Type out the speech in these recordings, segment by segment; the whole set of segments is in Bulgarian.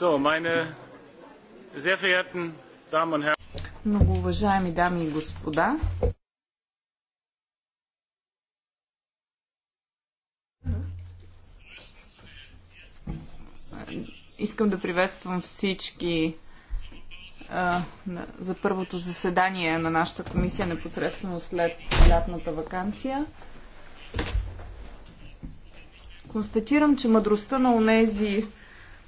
Многоуважаеми Много уважаеми дами и господа, искам да приветствам всички за първото заседание на нашата комисия непосредствено след лятната вакансия. Констатирам, че мъдростта на онези,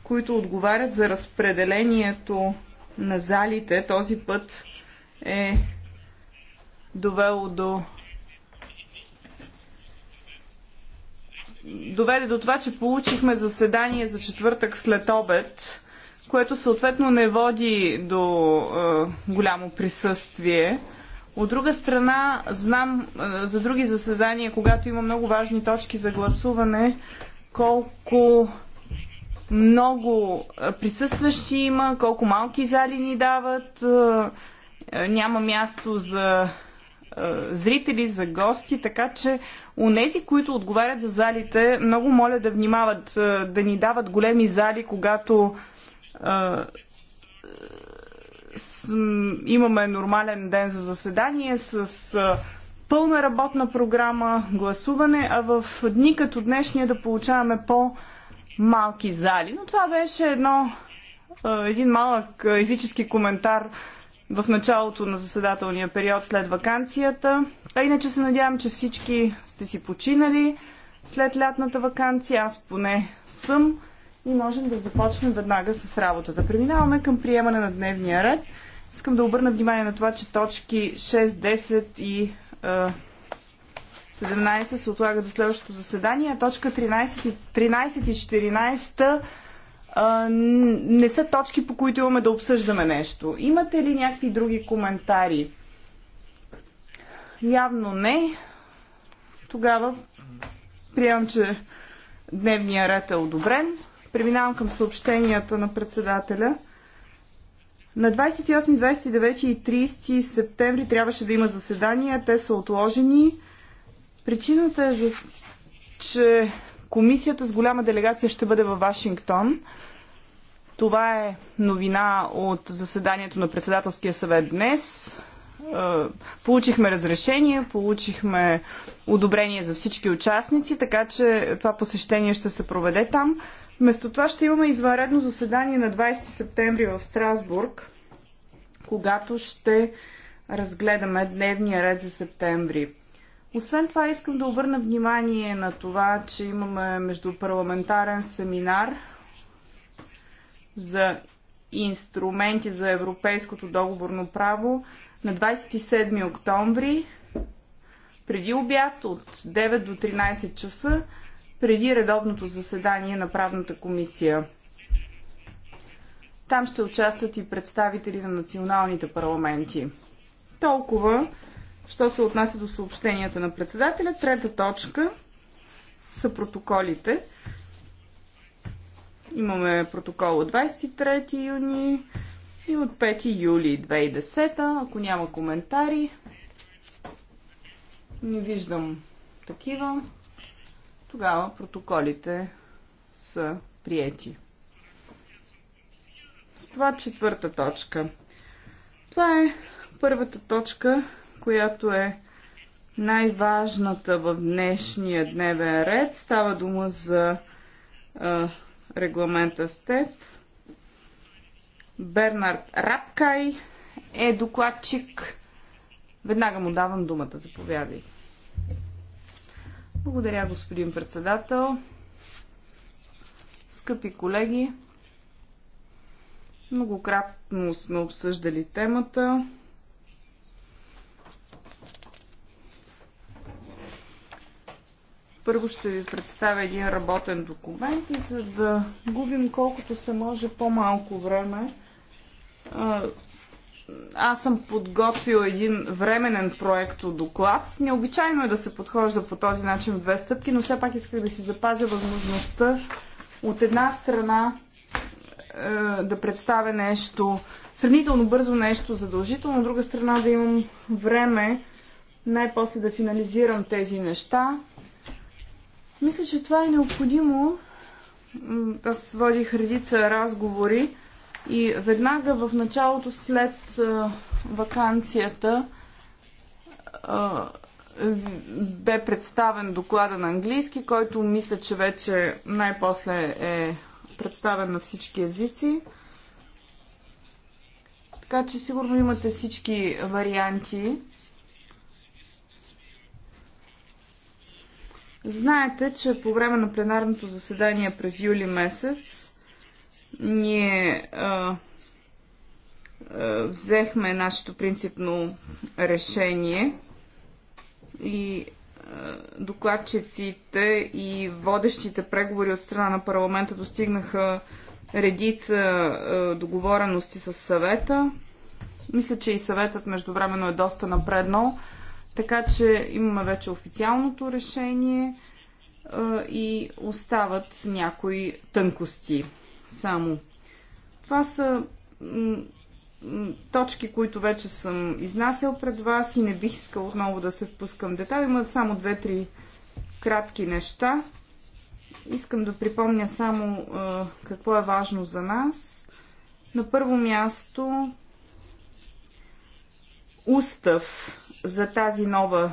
които отговарят за разпределението на залите, този път е довело до доведе до това, че получихме заседание за четвъртък след обед, което съответно не води до е, голямо присъствие. От друга страна, знам е, за други заседания, когато има много важни точки за гласуване, колко много присъстващи има, колко малки зали ни дават, няма място за зрители, за гости, така че у нези, които отговарят за залите, много моля да внимават, да ни дават големи зали, когато имаме нормален ден за заседание с пълна работна програма, гласуване, а в дни като днешния да получаваме по- малки зали. Но това беше едно, е, един малък е, езически коментар в началото на заседателния период след вакансията. А иначе се надявам, че всички сте си починали след лятната вакансия. Аз поне съм и можем да започнем веднага с работата. Преминаваме към приемане на дневния ред. Искам да обърна внимание на това, че точки 6, 10 и е, 17 се отлага за следващото заседание, а точка 13, и, 13 и 14 а, не са точки, по които имаме да обсъждаме нещо. Имате ли някакви други коментари? Явно не. Тогава приемам, че дневния ред е одобрен. Преминавам към съобщенията на председателя. На 28, 29 и 30 септември трябваше да има заседания. Те са отложени. Причината е, за, че комисията с голяма делегация ще бъде във Вашингтон. Това е новина от заседанието на председателския съвет днес. Е, получихме разрешение, получихме одобрение за всички участници, така че това посещение ще се проведе там. Вместо това ще имаме извънредно заседание на 20 септември в Страсбург, когато ще разгледаме дневния ред за септември. Освен това искам да обърна внимание на това, че имаме междупарламентарен семинар за инструменти за европейското договорно право на 27 октомври преди обяд от 9 до 13 часа преди редовното заседание на правната комисия. Там ще участват и представители на националните парламенти. Толкова що се отнася до съобщенията на председателя. Трета точка са протоколите. Имаме протокол от 23 юни и от 5 юли 2010. Ако няма коментари, не виждам такива, тогава протоколите са приети. С това четвърта точка. Това е първата точка която е най-важната в днешния дневен ред. Става дума за а, регламента СТЕП. Бернард Рапкай е докладчик. Веднага му давам думата. Заповядай. Благодаря, господин председател. Скъпи колеги, многократно сме обсъждали темата. Първо ще ви представя един работен документ и за да губим колкото се може по-малко време, аз съм подготвил един временен проект от доклад. Необичайно е да се подхожда по този начин в две стъпки, но все пак исках да си запазя възможността от една страна е, да представя нещо, сравнително бързо нещо задължително, от друга страна да имам време най-после да финализирам тези неща мисля, че това е необходимо. Аз водих редица разговори и веднага в началото след вакансията бе представен доклада на английски, който мисля, че вече най-после е представен на всички езици. Така че сигурно имате всички варианти. Знаете, че по време на пленарното заседание през юли месец ние а, а, взехме нашето принципно решение и а, докладчиците и водещите преговори от страна на парламента достигнаха редица а, договорености с съвета. Мисля, че и съветът междувременно е доста напреднал. Така че имаме вече официалното решение и остават някои тънкости само. Това са точки, които вече съм изнасял пред вас и не бих искал отново да се впускам в детали. Има само две-три кратки неща. Искам да припомня само какво е важно за нас. На първо място устав за тази нова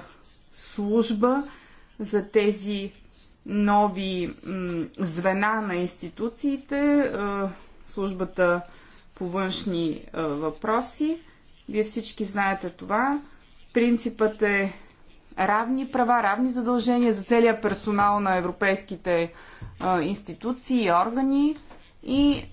служба, за тези нови звена на институциите, е, службата по външни е, въпроси. Вие всички знаете това. Принципът е равни права, равни задължения за целия персонал на европейските е, институции и органи и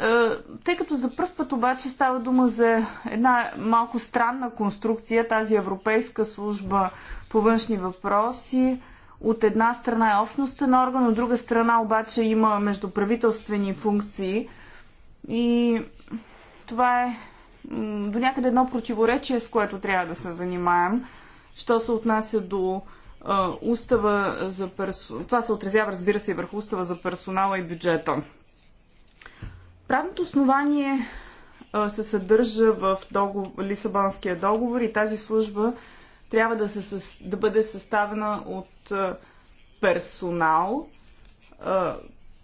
е, тъй като за първ път обаче става дума за една малко странна конструкция, тази Европейска служба по външни въпроси, от една страна е общностен орган, от друга страна обаче има междуправителствени функции. И това е до някъде едно противоречие, с което трябва да се занимаем, що се отнася до е, устава за персонала. Това се отразява, разбира се, и върху устава за персонала и бюджета. Правното основание се съдържа в договор, Лисабонския договор и тази служба трябва да, се, да бъде съставена от персонал,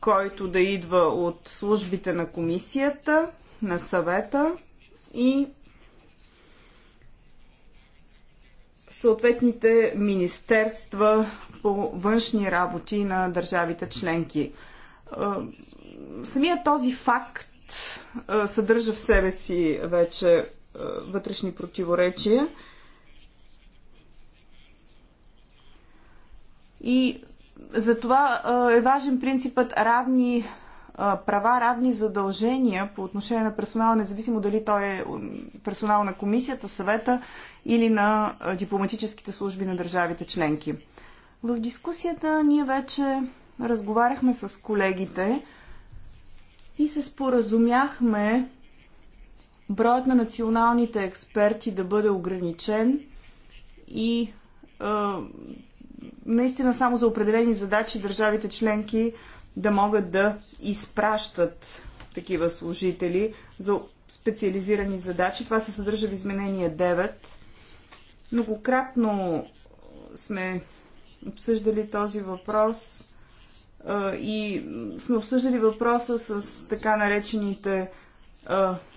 който да идва от службите на комисията, на съвета и съответните министерства по външни работи на държавите членки самия този факт съдържа в себе си вече вътрешни противоречия. И затова е важен принципът равни права, равни задължения по отношение на персонала, независимо дали той е персонал на комисията, съвета или на дипломатическите служби на държавите членки. В дискусията ние вече разговаряхме с колегите и се споразумяхме броят на националните експерти да бъде ограничен и е, наистина само за определени задачи държавите членки да могат да изпращат такива служители за специализирани задачи. Това се съдържа в изменение 9. Многократно сме обсъждали този въпрос и сме обсъждали въпроса с така наречените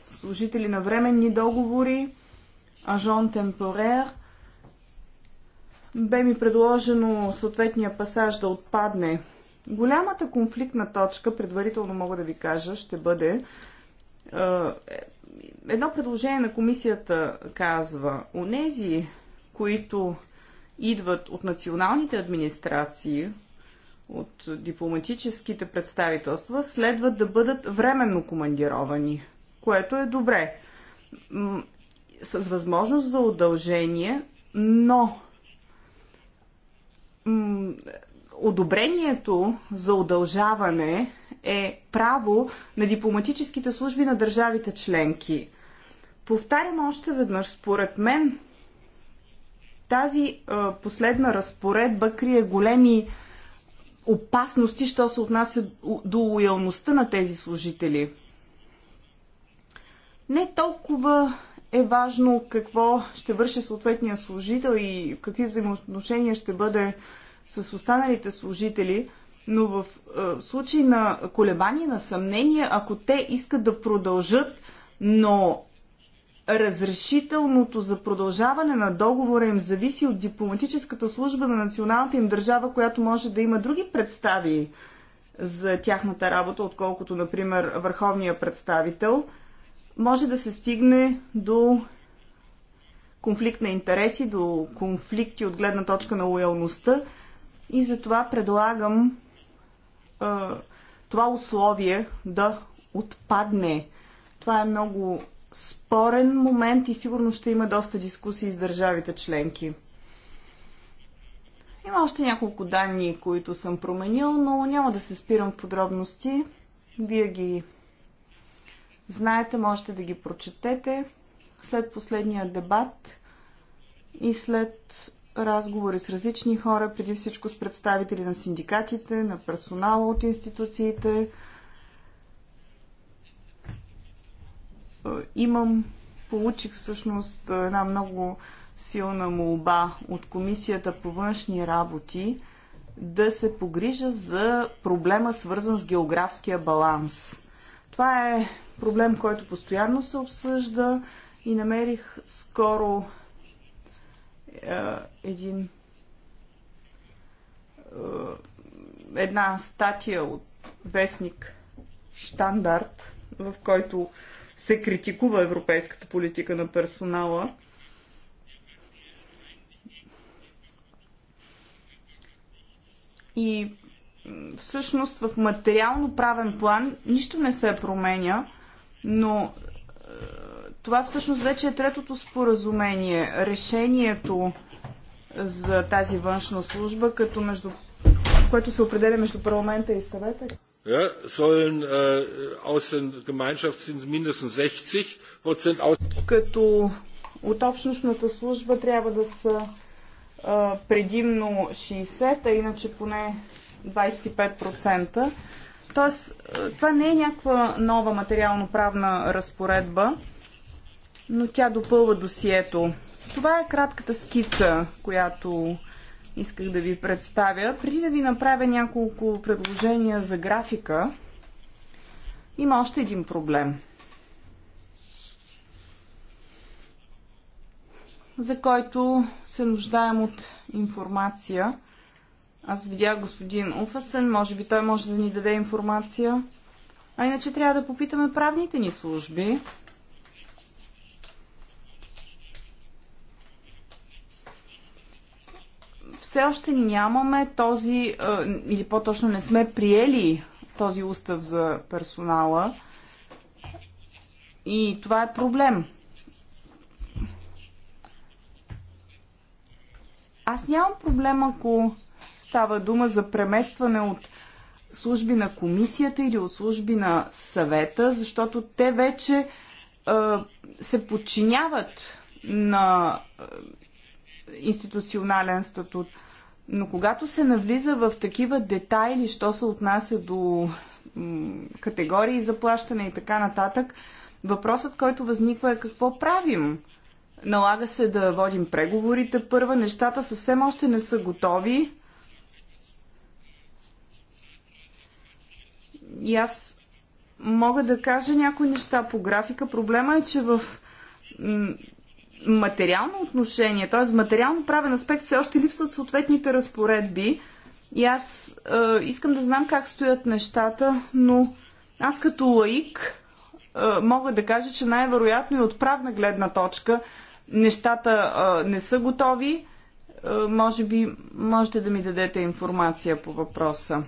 служители на временни договори, ажон темпорер. Бе ми предложено съответния пасаж да отпадне. Голямата конфликтна точка, предварително мога да ви кажа, ще бъде е, едно предложение на комисията казва, онези, които идват от националните администрации, от дипломатическите представителства следва да бъдат временно командировани, което е добре. С възможност за удължение, но одобрението за удължаване е право на дипломатическите служби на държавите членки. Повтарям още веднъж, според мен тази последна разпоредба крие големи опасности, що се отнася до лоялността на тези служители. Не толкова е важно какво ще върши съответния служител и в какви взаимоотношения ще бъде с останалите служители, но в е, случай на колебания на съмнение, ако те искат да продължат, но разрешителното за продължаване на договора им зависи от дипломатическата служба на националната им държава, която може да има други представи за тяхната работа, отколкото, например, върховния представител, може да се стигне до конфликт на интереси, до конфликти от гледна точка на лоялността и затова предлагам е, това условие да отпадне. Това е много спорен момент и сигурно ще има доста дискусии с държавите членки. Има още няколко данни, които съм променил, но няма да се спирам в подробности. Вие ги знаете, можете да ги прочетете. След последния дебат и след разговори с различни хора, преди всичко с представители на синдикатите, на персонала от институциите, имам, получих всъщност една много силна молба от Комисията по външни работи да се погрижа за проблема, свързан с географския баланс. Това е проблем, който постоянно се обсъжда и намерих скоро е, един е, една статия от вестник Штандарт, в който се критикува европейската политика на персонала. И всъщност в материално правен план нищо не се променя, но е, това всъщност вече е третото споразумение. Решението за тази външна служба, като между, което се определя между парламента и съвета sollen äh, aus den Gemeinschaftsdienst mindestens 60 Prozent aus. Като от общностната служба трябва да са а, предимно 60, а иначе поне 25%. Тоест, това не е някаква нова материално-правна разпоредба, но тя допълва досието. Това е кратката скица, която исках да ви представя. Преди да ви направя няколко предложения за графика, има още един проблем, за който се нуждаем от информация. Аз видях господин Уфасен, може би той може да ни даде информация. А иначе трябва да попитаме правните ни служби. все още нямаме този, или по-точно не сме приели този устав за персонала. И това е проблем. Аз нямам проблем, ако става дума за преместване от служби на комисията или от служби на съвета, защото те вече е, се подчиняват на е, институционален статут. Е, но когато се навлиза в такива детайли, що се отнася до категории за плащане и така нататък, въпросът, който възниква е какво правим. Налага се да водим преговорите първа, нещата съвсем още не са готови. И аз мога да кажа някои неща по графика. Проблема е, че в материално отношение, т.е. материално правен аспект, все още липсват съответните разпоредби. И аз е, искам да знам как стоят нещата, но аз като лаик е, мога да кажа, че най-вероятно и от правна гледна точка нещата е, не са готови. Е, може би можете да ми дадете информация по въпроса.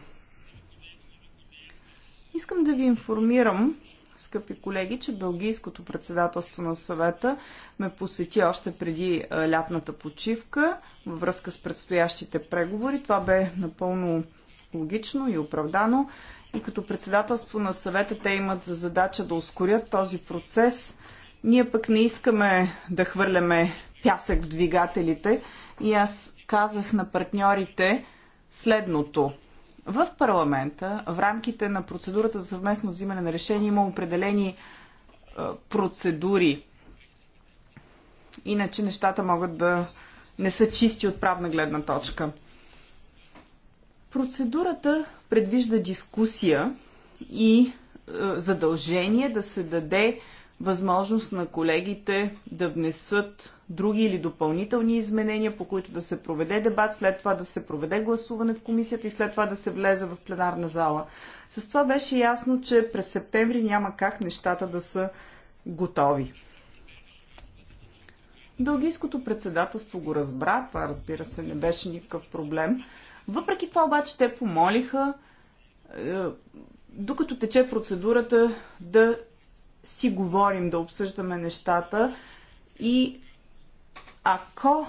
Искам да ви информирам, скъпи колеги, че Белгийското председателство на съвета ме посети още преди е, лятната почивка във връзка с предстоящите преговори. Това бе напълно логично и оправдано. И като председателство на съвета те имат за задача да ускорят този процес. Ние пък не искаме да хвърляме пясък в двигателите. И аз казах на партньорите следното – в парламента, в рамките на процедурата за съвместно взимане на решение, има определени е, процедури. Иначе нещата могат да не са чисти от правна гледна точка. Процедурата предвижда дискусия и е, задължение да се даде възможност на колегите да внесат други или допълнителни изменения, по които да се проведе дебат, след това да се проведе гласуване в комисията и след това да се влезе в пленарна зала. С това беше ясно, че през септември няма как нещата да са готови. Дългийското председателство го разбра, това разбира се не беше никакъв проблем. Въпреки това обаче те помолиха, е, докато тече процедурата, да си говорим, да обсъждаме нещата и ако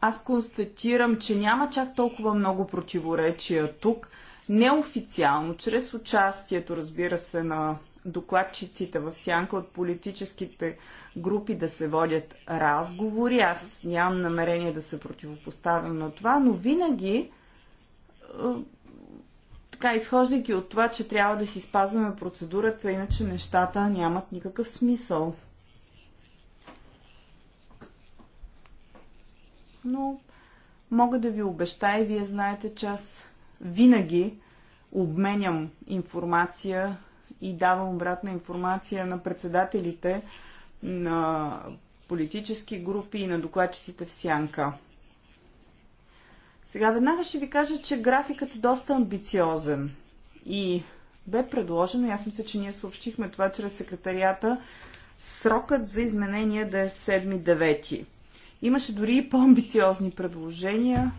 аз констатирам, че няма чак толкова много противоречия тук, неофициално, чрез участието, разбира се, на докладчиците в сянка от политическите групи да се водят разговори. Аз нямам намерение да се противопоставям на това, но винаги е, така, изхождайки от това, че трябва да си спазваме процедурата, иначе нещата нямат никакъв смисъл. но мога да ви обещая и вие знаете, че аз винаги обменям информация и давам обратна информация на председателите на политически групи и на докладчиците в Сянка. Сега веднага ще ви кажа, че графикът е доста амбициозен и бе предложено, и аз мисля, че ние съобщихме това чрез секретарията, срокът за изменение да е 7-9. Имаше дори и по-амбициозни предложения.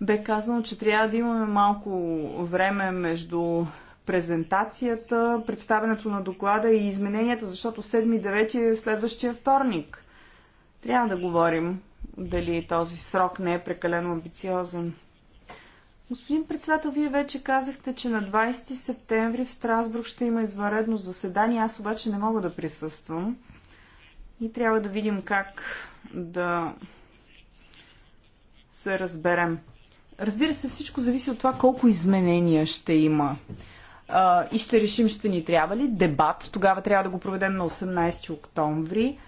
Бе казано, че трябва да имаме малко време между презентацията, представенето на доклада и измененията, защото 7-9 е следващия вторник. Трябва да говорим дали този срок не е прекалено амбициозен. Господин председател, вие вече казахте, че на 20 септември в Страсбург ще има извънредно заседание. Аз обаче не мога да присъствам. И трябва да видим как да се разберем. Разбира се, всичко зависи от това колко изменения ще има. А, и ще решим, ще ни трябва ли дебат. Тогава трябва да го проведем на 18 октомври.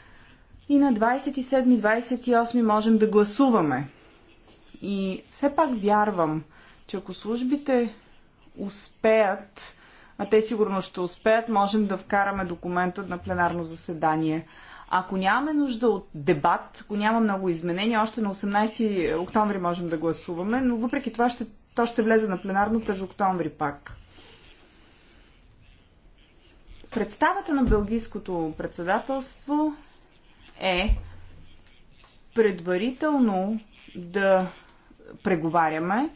И на 27-28 можем да гласуваме. И все пак вярвам, че ако службите успеят, а те сигурно ще успеят, можем да вкараме документът на пленарно заседание. Ако нямаме нужда от дебат, ако няма много изменения, още на 18 октомври можем да гласуваме, но въпреки това ще, то ще влезе на пленарно през октомври пак. Представата на Белгийското председателство е предварително да преговаряме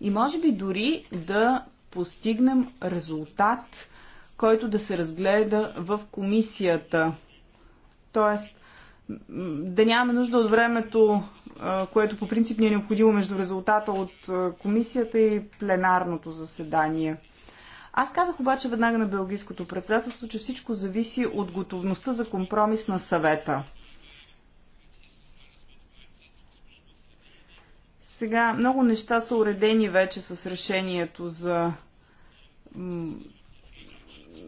и може би дори да постигнем резултат, който да се разгледа в комисията Тоест, да нямаме нужда от времето, което по принцип ни е необходимо между резултата от комисията и пленарното заседание. Аз казах обаче веднага на Белгийското председателство, че всичко зависи от готовността за компромис на съвета. Сега много неща са уредени вече с решението за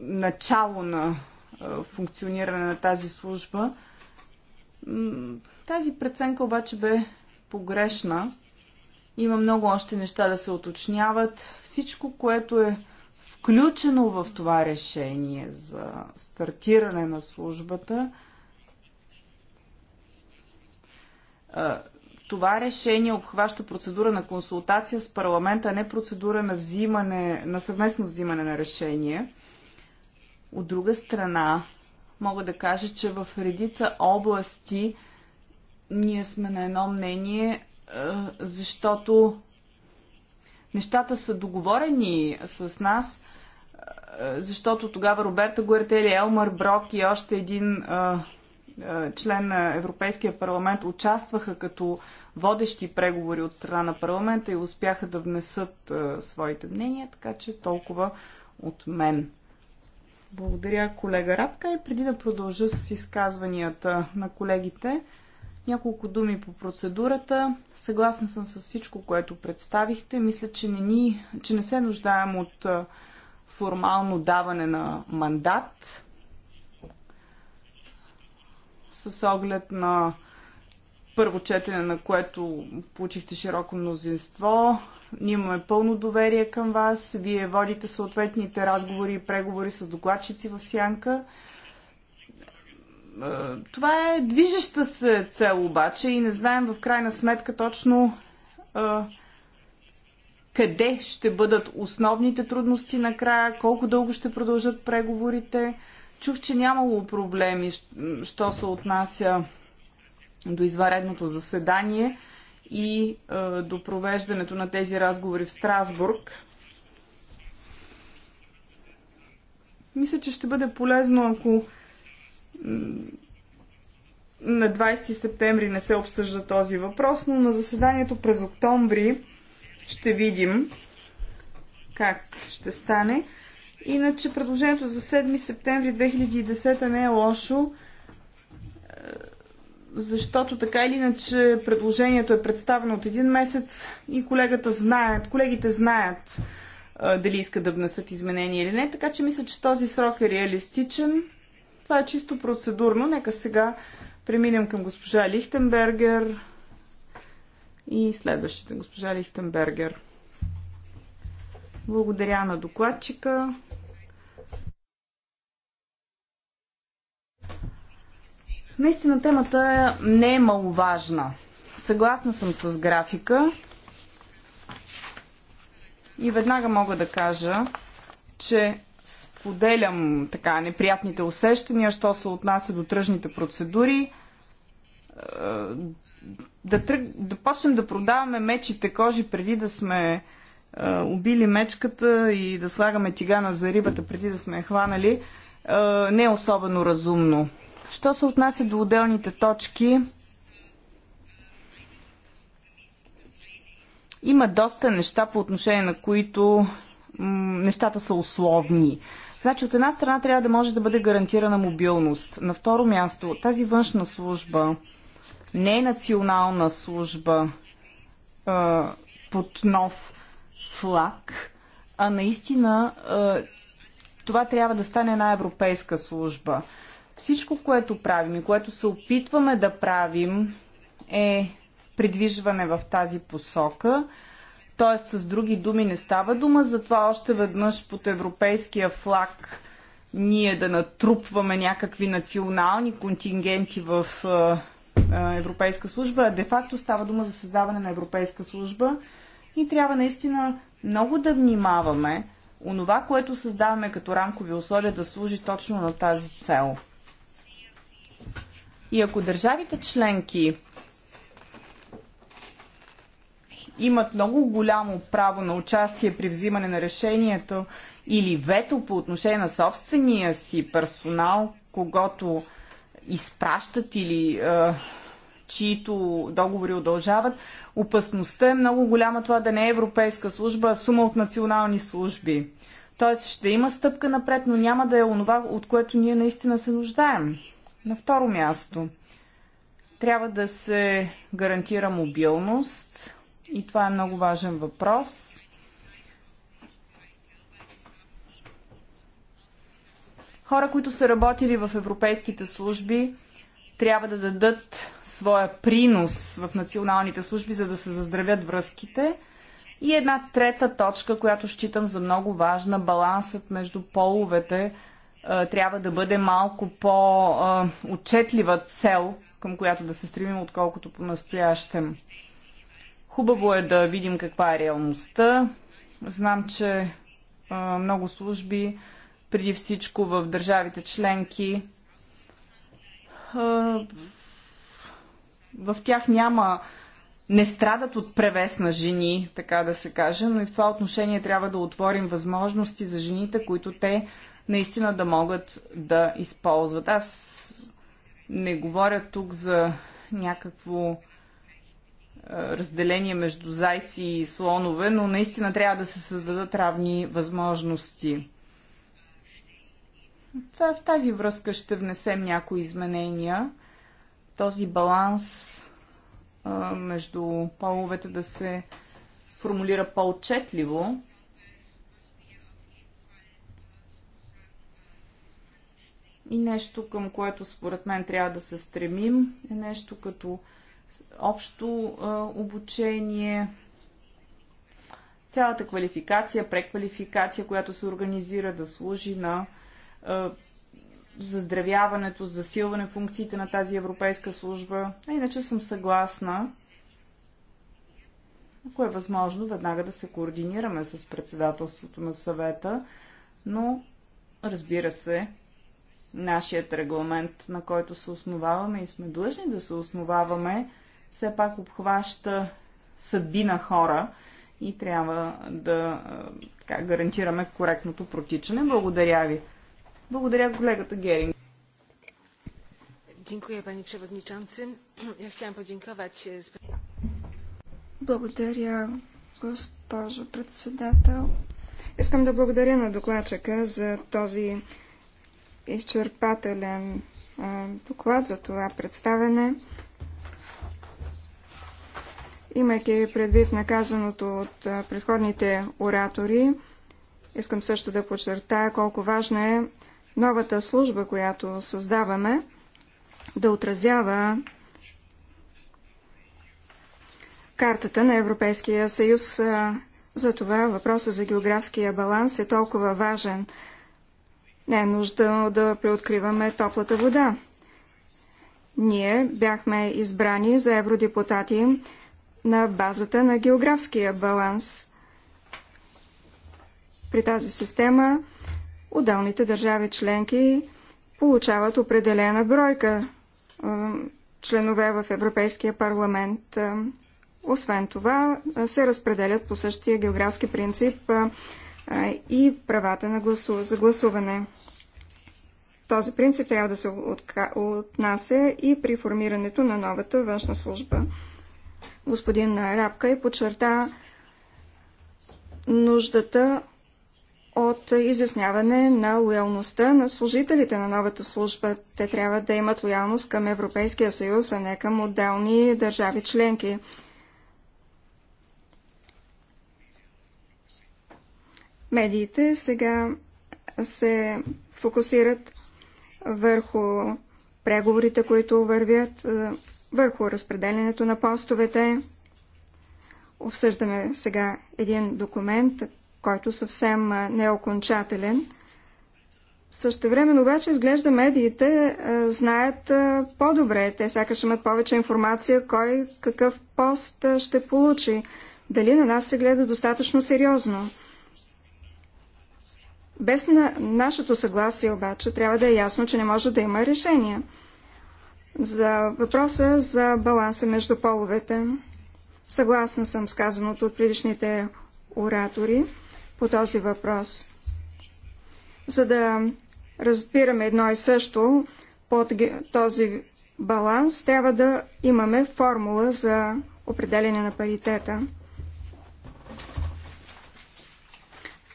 начало на функциониране на тази служба. Тази преценка обаче бе погрешна. Има много още неща да се уточняват. Всичко, което е включено в това решение за стартиране на службата, това решение обхваща процедура на консултация с парламента, а не процедура на, взимане, на съвместно взимане на решение. От друга страна, мога да кажа, че в редица области ние сме на едно мнение, е, защото нещата са договорени с нас, е, защото тогава Роберта Гуертели, Елмар Брок и още един е, член на Европейския парламент участваха като водещи преговори от страна на парламента и успяха да внесат своите мнения, така че толкова от мен. Благодаря, колега Радка. И преди да продължа с изказванията на колегите, няколко думи по процедурата. Съгласен съм с всичко, което представихте. Мисля, че не, ни, че не се нуждаем от формално даване на мандат с оглед на първо четене, на което получихте широко мнозинство ние имаме пълно доверие към вас. Вие водите съответните разговори и преговори с докладчици в Сянка. Е, това е движеща се цел обаче и не знаем в крайна сметка точно е, къде ще бъдат основните трудности накрая, колко дълго ще продължат преговорите. Чух, че нямало проблеми, що се отнася до изваредното заседание – и до провеждането на тези разговори в Страсбург. Мисля, че ще бъде полезно, ако на 20 септември не се обсъжда този въпрос, но на заседанието през октомври ще видим как ще стане. Иначе предложението за 7 септември 2010 не е лошо защото така или иначе предложението е представено от един месец и колегата знаят, колегите знаят а, дали искат да внесат изменения или не, така че мисля, че този срок е реалистичен. Това е чисто процедурно. Нека сега преминем към госпожа Лихтенбергер и следващите госпожа Лихтенбергер. Благодаря на докладчика. Наистина темата не е маловажна. Съгласна съм с графика и веднага мога да кажа, че споделям така неприятните усещания, що се отнася до тръжните процедури. Е, да, тръг, да почнем да продаваме мечите кожи преди да сме е, убили мечката и да слагаме тигана за рибата преди да сме я хванали, е, не е особено разумно. Що се отнася до отделните точки, има доста неща по отношение на които нещата са условни. Значи от една страна трябва да може да бъде гарантирана мобилност. На второ място, тази външна служба не е национална служба а, под нов флаг, а наистина а, това трябва да стане една европейска служба. Всичко, което правим и което се опитваме да правим е придвижване в тази посока. Т.е. с други думи не става дума, затова още веднъж под европейския флаг ние да натрупваме някакви национални контингенти в е, е, Европейска служба. Де-факто става дума за създаване на Европейска служба и трябва наистина много да внимаваме онова, което създаваме като рамкови условия да служи точно на тази цел. И ако държавите членки имат много голямо право на участие при взимане на решението или вето по отношение на собствения си персонал, когато изпращат или е, чието договори удължават, опасността е много голяма това да не е европейска служба, а сума от национални служби. Тоест ще има стъпка напред, но няма да е онова, от което ние наистина се нуждаем. На второ място, трябва да се гарантира мобилност и това е много важен въпрос. Хора, които са работили в европейските служби, трябва да дадат своя принос в националните служби, за да се заздравят връзките. И една трета точка, която считам за много важна, балансът между половете трябва да бъде малко по-отчетлива цел, към която да се стремим, отколкото по-настоящем. Хубаво е да видим каква е реалността. Знам, че много служби, преди всичко в държавите членки, в тях няма не страдат от превес на жени, така да се каже, но и в това отношение трябва да отворим възможности за жените, които те наистина да могат да използват. Аз не говоря тук за някакво е, разделение между зайци и слонове, но наистина трябва да се създадат равни възможности. В тази връзка ще внесем някои изменения. Този баланс е, между половете да се формулира по-отчетливо. И нещо, към което според мен трябва да се стремим, е нещо като общо а, обучение, цялата квалификация, преквалификация, която се организира да служи на а, заздравяването, засилване функциите на тази европейска служба. А иначе съм съгласна, ако е възможно, веднага да се координираме с председателството на съвета, но разбира се, нашият регламент, на който се основаваме и сме длъжни да се основаваме, все пак обхваща съдби на хора и трябва да така, гарантираме коректното протичане. Благодаря ви. Благодаря колегата Геринг. Dziękuję Panie Przewodniczący. Ja chciałam podziękować. E, благодаря, госпожо председател. Искам да благодаря на докладчика за този изчерпателен доклад за това представене. Имайки предвид наказаното от предходните оратори, искам също да подчертая колко важно е новата служба, която създаваме, да отразява картата на Европейския съюз. Затова въпросът за географския баланс е толкова важен. Не е нужда да преоткриваме топлата вода. Ние бяхме избрани за евродепутати на базата на географския баланс. При тази система отделните държави членки получават определена бройка е, членове в Европейския парламент. Е, освен това, се разпределят по същия географски принцип е, и правата на гласу... за гласуване. Този принцип трябва да се отнася и при формирането на новата външна служба. Господин Рапка и подчерта нуждата от изясняване на лоялността на служителите на новата служба. Те трябва да имат лоялност към Европейския съюз, а не към отделни държави членки. Медиите сега се фокусират върху преговорите, които вървят, е, върху разпределянето на постовете. Обсъждаме сега един документ, който съвсем не е окончателен. Също време, обаче, изглежда медиите е, знаят е, по-добре. Те сякаш имат повече информация кой какъв пост ще получи. Дали на нас се гледа достатъчно сериозно. Без на нашето съгласие обаче трябва да е ясно, че не може да има решение. За въпроса за баланса между половете. Съгласна съм с казаното от предишните оратори по този въпрос. За да разбираме едно и също под този баланс, трябва да имаме формула за определене на паритета.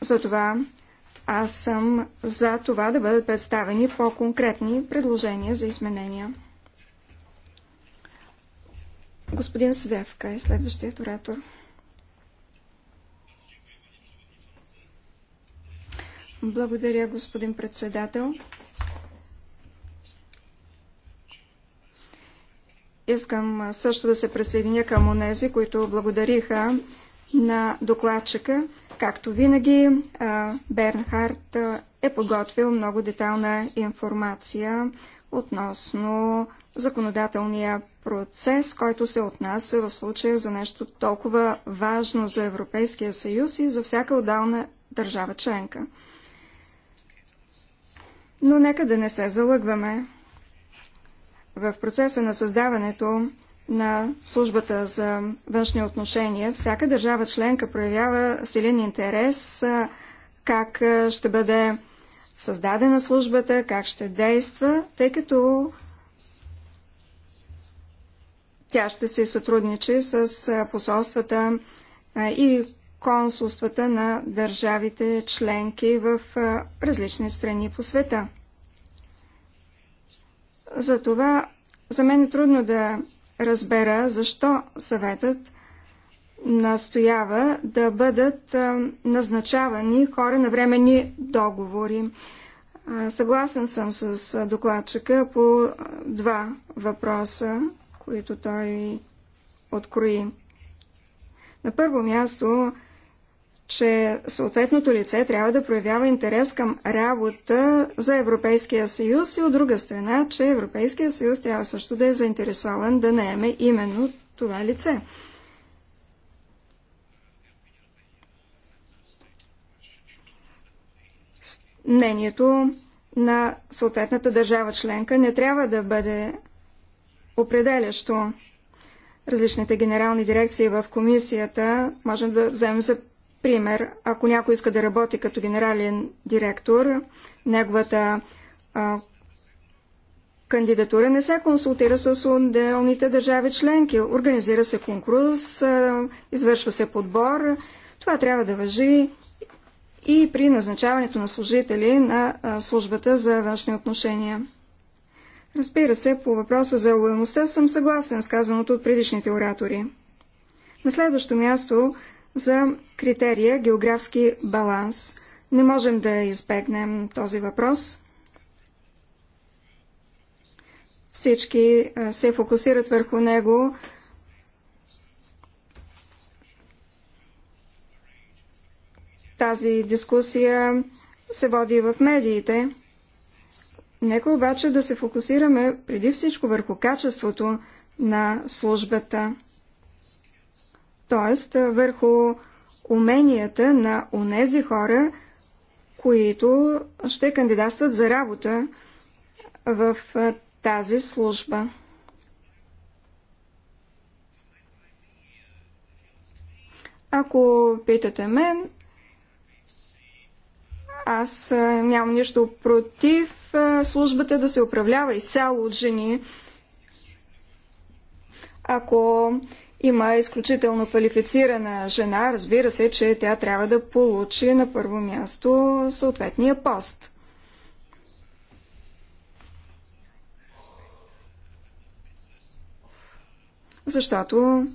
Затова аз съм за това да бъдат представени по-конкретни предложения за изменения. Господин Свевка е следващият оратор. Благодаря, господин председател. Искам също да се присъединя към онези, които благодариха на докладчика. Както винаги, Бернхард е подготвил много детална информация относно законодателния процес, който се отнася в случая за нещо толкова важно за Европейския съюз и за всяка отдална държава членка. Но нека да не се залъгваме. В процеса на създаването на службата за външни отношения, всяка държава членка проявява силен интерес как ще бъде създадена службата, как ще действа, тъй като тя ще се сътрудничи с посолствата и консулствата на държавите членки в различни страни по света. Затова за мен е трудно да разбера защо съветът настоява да бъдат назначавани хора на временни договори. Съгласен съм с докладчика по два въпроса, които той открои. На първо място че съответното лице трябва да проявява интерес към работа за Европейския съюз и от друга страна, че Европейския съюз трябва също да е заинтересован да наеме именно това лице. Мнението на съответната държава членка не трябва да бъде определящо. Различните генерални дирекции в комисията можем да вземем за Пример, ако някой иска да работи като генерален директор, неговата а, кандидатура не се консултира с отделните държави членки. Организира се конкурс, а, извършва се подбор. Това трябва да въжи и при назначаването на служители на а, службата за външни отношения. Разбира се, по въпроса за лоялността съм съгласен с казаното от предишните оратори. На следващо място за критерия географски баланс. Не можем да избегнем този въпрос. Всички се фокусират върху него. Тази дискусия се води в медиите. Нека обаче да се фокусираме преди всичко върху качеството на службата т.е. върху уменията на онези хора, които ще кандидатстват за работа в тази служба. Ако питате мен, аз нямам нищо против службата да се управлява изцяло от жени. Ако има изключително квалифицирана жена, разбира се, че тя трябва да получи на първо място съответния пост. Защото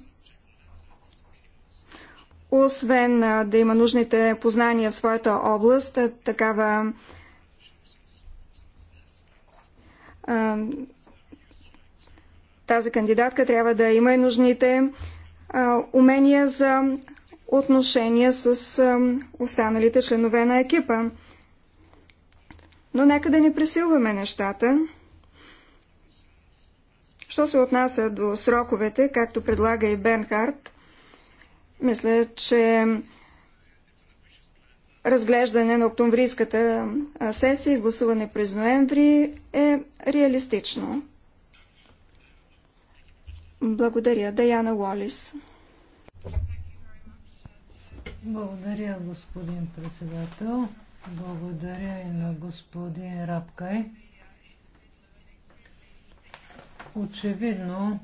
освен да има нужните познания в своята област, такава тази кандидатка трябва да има и нужните умения за отношения с останалите членове на екипа. Но нека да не пресилваме нещата. Що се отнася до сроковете, както предлага и Бернхард, мисля, че разглеждане на октомврийската сесия и гласуване през ноември е реалистично. Благодаря. Даяна Уолис. Благодаря, господин председател. Благодаря и на господин Рапкай. Очевидно,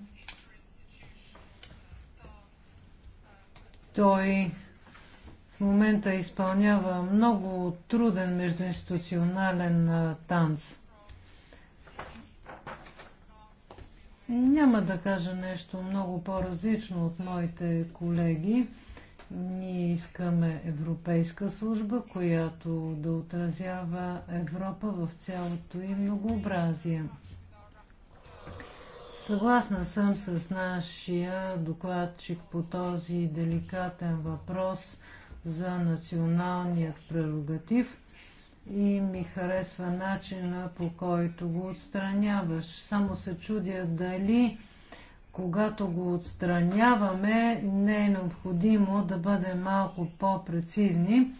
той в момента изпълнява много труден междуинституционален танц. Няма да кажа нещо много по-различно от моите колеги. Ние искаме Европейска служба, която да отразява Европа в цялото и многообразие. Съгласна съм с нашия докладчик по този деликатен въпрос за националният прерогатив – и ми харесва начина по който го отстраняваш. Само се чудя дали когато го отстраняваме, не е необходимо да бъдем малко по-прецизни,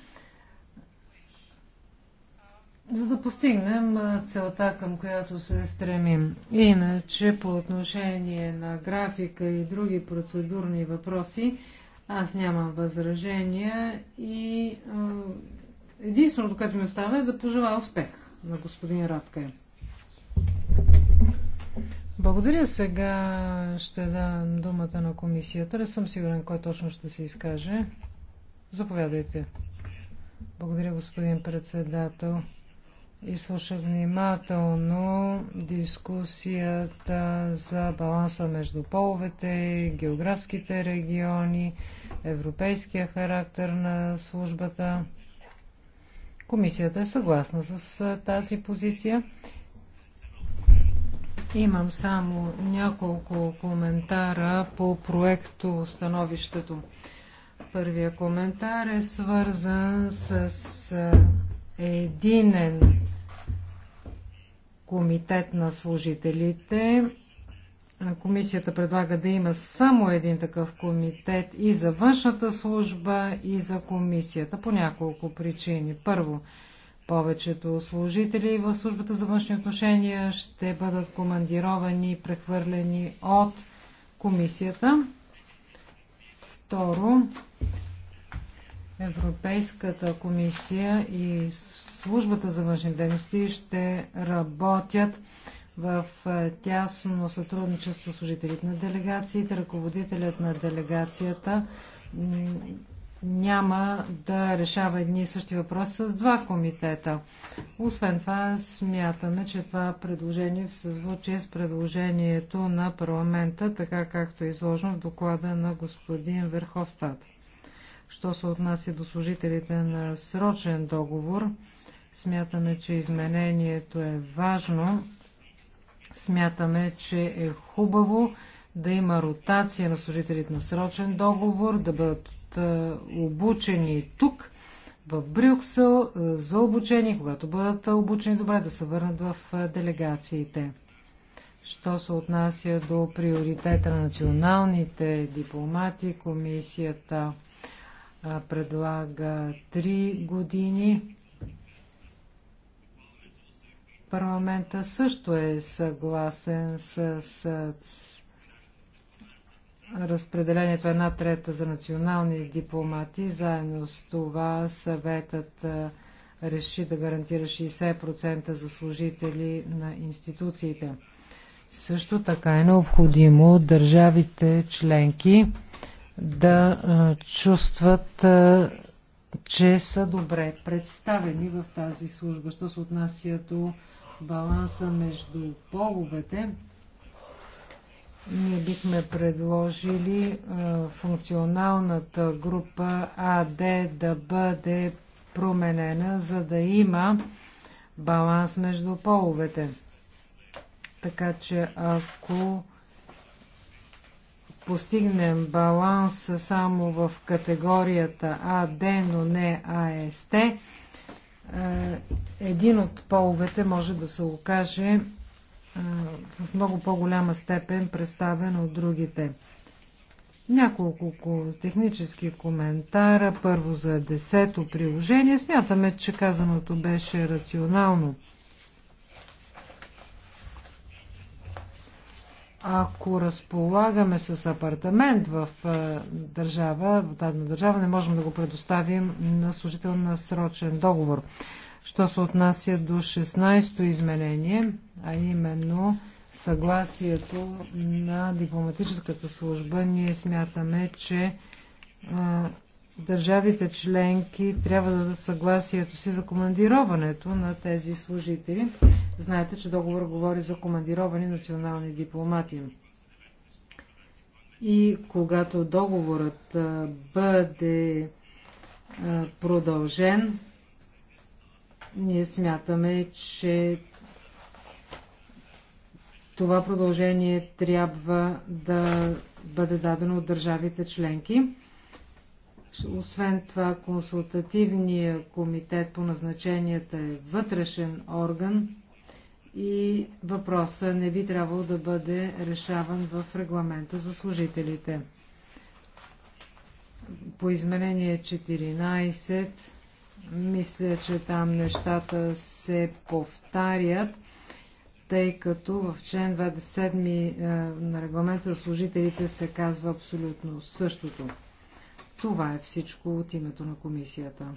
за да постигнем целта, към която се стремим. Иначе, по отношение на графика и други процедурни въпроси, аз нямам възражения и Единственото, което ми остава е да пожелая успех на господин Радка. Благодаря. Сега ще дам думата на комисията. Не съм сигурен кой точно ще се изкаже. Заповядайте. Благодаря, господин председател. И внимателно дискусията за баланса между половете, географските региони, европейския характер на службата. Комисията е съгласна с тази позиция. Имам само няколко коментара по проекто становището. Първия коментар е свързан с единен комитет на служителите Комисията предлага да има само един такъв комитет и за външната служба, и за комисията по няколко причини. Първо, повечето служители в службата за външни отношения ще бъдат командировани и прехвърлени от комисията. Второ, Европейската комисия и службата за външни дейности ще работят в тясно сътрудничество с служителите на делегациите, ръководителят на делегацията няма да решава едни и същи въпроси с два комитета. Освен това, смятаме, че това предложение в съзвучи с предложението на парламента, така както е изложено в доклада на господин Верховстат. Що се отнася до служителите на срочен договор, смятаме, че изменението е важно Смятаме, че е хубаво да има ротация на служителите на срочен договор, да бъдат обучени тук, в Брюксел, за обучение, когато бъдат обучени добре, да се върнат в делегациите. Що се отнася до приоритета на националните дипломати, комисията предлага 3 години Парламента също е съгласен с, с разпределението една трета за национални дипломати. Заедно с това съветът реши да гарантира 60% за служители на институциите. Също така е необходимо държавите членки да чувстват, че са добре представени в тази служба. Що се отнася до баланса между половете, ние бихме предложили функционалната група АД да бъде променена, за да има баланс между половете. Така че ако постигнем баланс само в категорията АД, но не АСТ, е, един от половете може да се окаже е, в много по-голяма степен представен от другите. Няколко технически коментара. Първо за десето приложение. Смятаме, че казаното беше рационално. ако разполагаме с апартамент в е, държава, в дадена държава, не можем да го предоставим на служител на срочен договор. Що се отнася до 16-то изменение, а именно съгласието на дипломатическата служба, ние смятаме, че е, държавите членки трябва да дадат съгласието си за командироването на тези служители. Знаете, че договор говори за командировани национални дипломати. И когато договорът бъде продължен, ние смятаме, че това продължение трябва да бъде дадено от държавите членки. Освен това, консултативният комитет по назначенията е вътрешен орган и въпроса не би трябвало да бъде решаван в регламента за служителите. По изменение 14, мисля, че там нещата се повтарят, тъй като в член 27 е, на регламента за служителите се казва абсолютно същото. Това е всичко от името на комисията.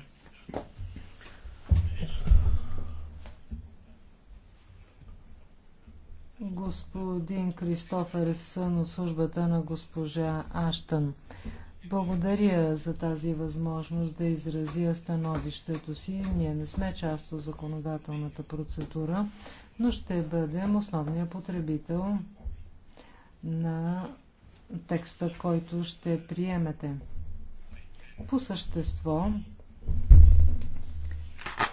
Господин Кристофер Сън от службата на госпожа Аштън. Благодаря за тази възможност да изразя становището си. Ние не сме част от законодателната процедура, но ще бъдем основния потребител на текста, който ще приемете. По същество,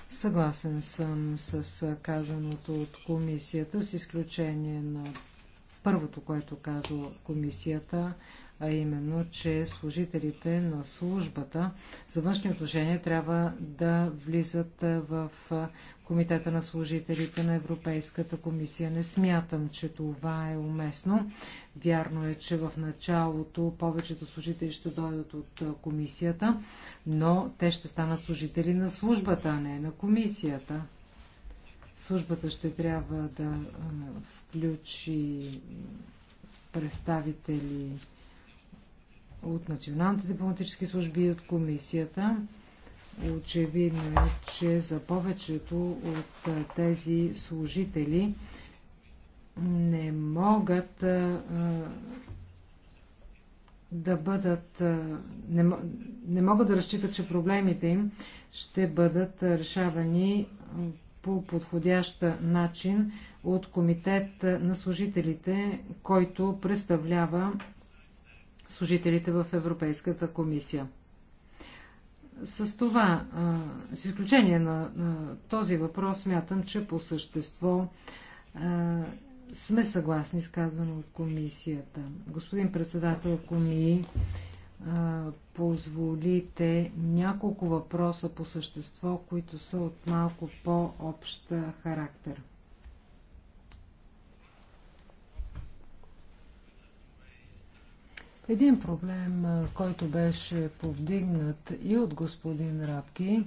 съгласен съм с казаното от комисията, с изключение на първото, което каза комисията, а именно, че служителите на службата за външни отношения трябва да влизат в Комитета на служителите на Европейската комисия. Не смятам, че това е уместно. Вярно е, че в началото повечето служители ще дойдат от комисията, но те ще станат служители на службата, а не на комисията службата ще трябва да включи представители от националните дипломатически служби и от комисията. Очевидно е, че за повечето от тези служители не могат а, да бъдат, не, не могат да разчитат, че проблемите им ще бъдат решавани по подходящ начин от комитет на служителите, който представлява служителите в Европейската комисия. С това, с изключение на този въпрос, смятам, че по същество сме съгласни с казано от комисията. Господин председател, ако ми позволите няколко въпроса по същество, които са от малко по-общ характер. Един проблем, който беше повдигнат и от господин Рапки,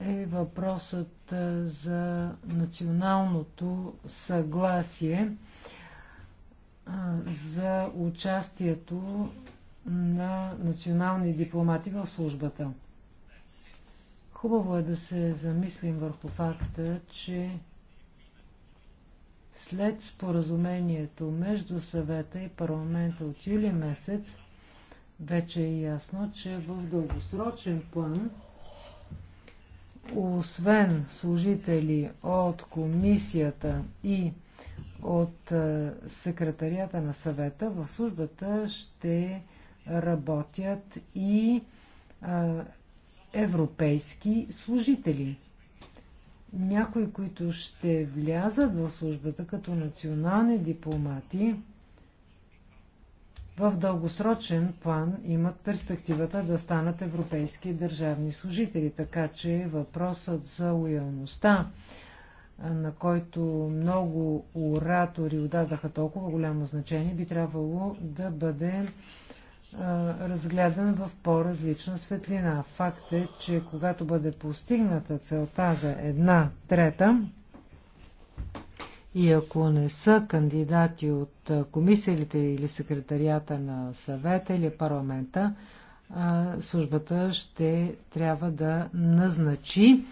е въпросът за националното съгласие за участието на национални дипломати в службата. Хубаво е да се замислим върху факта, че след споразумението между съвета и парламента от юли месец, вече е ясно, че в дългосрочен план, освен служители от комисията и от е, секретарията на съвета, в службата ще работят и е, европейски служители някои, които ще влязат в службата като национални дипломати, в дългосрочен план имат перспективата да станат европейски държавни служители, така че въпросът за лоялността, на който много оратори отдадаха толкова голямо значение, би трябвало да бъде разгледан в по-различна светлина. Факт е, че когато бъде постигната целта за една трета, и ако не са кандидати от комисиите или секретарията на съвета или парламента, службата ще трябва да назначи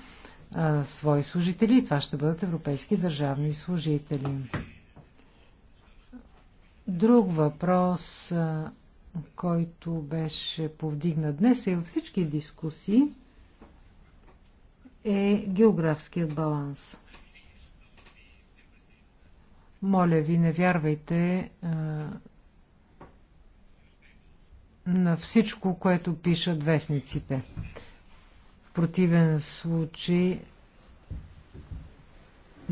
свои служители и това ще бъдат европейски държавни служители. Друг въпрос който беше повдигна днес и във всички дискусии, е географският баланс. Моля ви, не вярвайте а, на всичко, което пишат вестниците. В противен случай